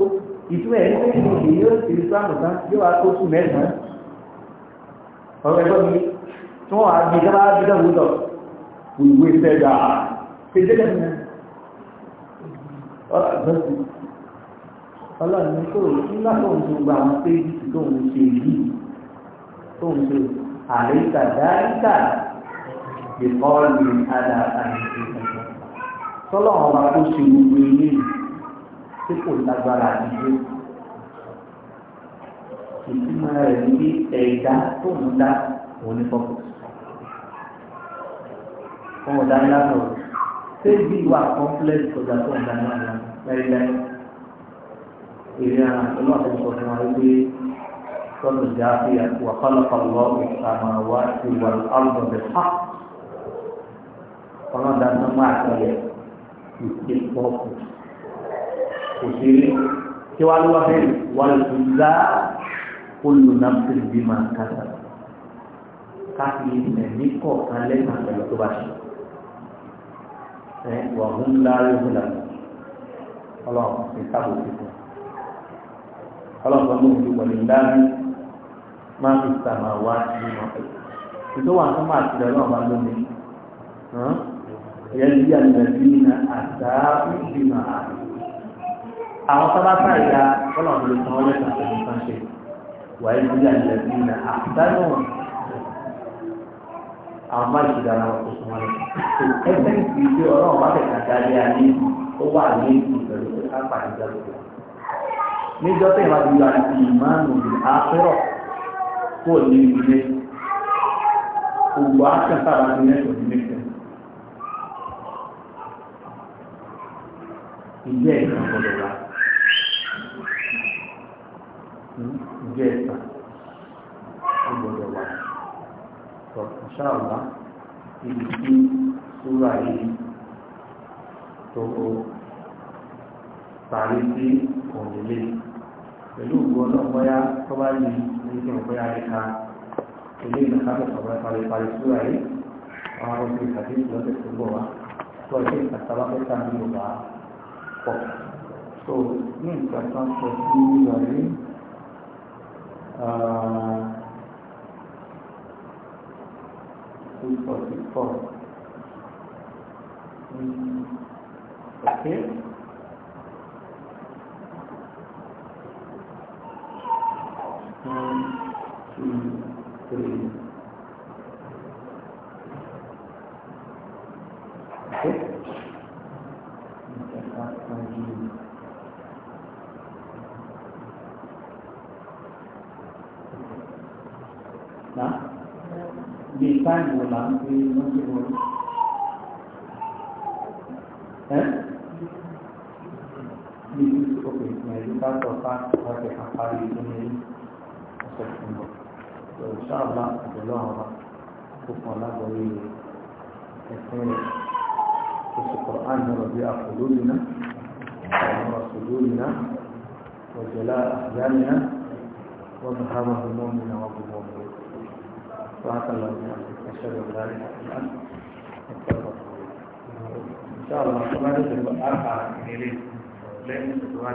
ìtumọ̀ ẹ̀ ní èyí yóò ti rí fáwọn nǹkan yóò wá tó sùn mẹ́sàn-án ọ̀rọ̀ ẹ̀gbọ́n mi tí wọ́n wá gbé dábàá gbé dábàá we wasted that, they did it ọlọ́run ní kò nígbà tó ń gbogbo àwọn péjì tó ń ṣe yìí tó ń ṣe àríkà dáríkà ìkọ́ọ̀lù aláàbàṣe tọ́lọ́run ọba tó ṣe gbogbo ilé tí kò lágbára àdúgbò ìtumọ̀ rẹ̀ ní ẹ̀dá tó ń dá òun ní fọ́kùsù ọmọ dáná lọ ṣé ibi ìwà complex ọjà tó ń dáná lọ lẹ́yìnlẹ́yìn ìrìn àná ìlú àti ìṣòro fún wa wípé sọ́dọ̀ jẹ́ àfihàn wà kọ́lọ́kọ́ lọ́wọ́ ìsàmà wá ìwà àlùbọ̀ bẹ̀ fà ọlọ́dà tó máa tẹ̀lé ìṣe pọ́ọ̀kù kò sí rí kí wàá lọ́wọ́ bẹ́ẹ̀ wà lùzá olùnàfẹ́ bí kásá káfíńtì ẹ̀mí kọ̀ọ̀kan lẹ́nu àgbẹ̀lẹ̀ tó bá ṣe wọ̀hún láàrin ìhùnà ọlọ́run ti sábò fífún ọlọ́run tó ń wọlé láàrin máa fi sàmà wá nínú ọ̀pẹ̀ tó wà tó máa tilẹ̀ ọlọ́run bá lónìí ẹ̀yẹ́ bí àlùbẹ̀bí ní àdáàbí ìgbìmọ̀ àrùn àwọn sábà sáyà ọlọ́run ló san ẹsẹ̀ ìsìn tí ọlọ́run bá tẹ̀ kàkà lé ayé ó wà ní ìpẹ̀lú pé ká pàdé ìjọba níjọ́ tẹ̀ wá di àti ìmánu àfẹ́rọ̀ kó ní ilé gbogbo ní ìjẹ́ gbọdọ̀ wá ìjẹ́ gbọdọ̀ ibi tí súra yìí tó parí sí òǹdílé pẹ̀lú ògbọ́nà bọ́yá tó bá yìí ní kí wọ́n bọ́yá ẹ̀ka ilé ìdàkàtọ̀ sọ̀rọ̀ parí parí súra yìí àwọn oṣù ìkàtí ìlọ́tẹ̀ tó bọ̀ so ní ìkàtà sọ sí 244. Mm. Okay. One, two, three. Okay. Check out my view. Now bíi táìmù là ń pè ní oúnjẹ wọlé. ẹ́ bí òkè ìpínlẹ̀ bá sọ fáńtì láti àparí ìdúnnìí ọ̀sẹ̀ tó ń bọ̀. ìṣàlá ìdọ̀lọ́ àwọn kò kàn lágbọ̀ọ́yé ẹ̀sìn rẹ̀ kò sì kọ̀ á ní ọ̀rọ̀ bí àfọ̀lómìnà ọ̀rọ̀ sòlómìnà ọ̀jọ̀lá àyánìyàn wọ́n bá hàmà ọ̀nà ọ̀nà ọ̀gbọ̀n سبحانك اللهم وبحمدك أشهد أن لا إله إلا أنت أستغفرك إن شاء الله كما نزل أربعة إليه لن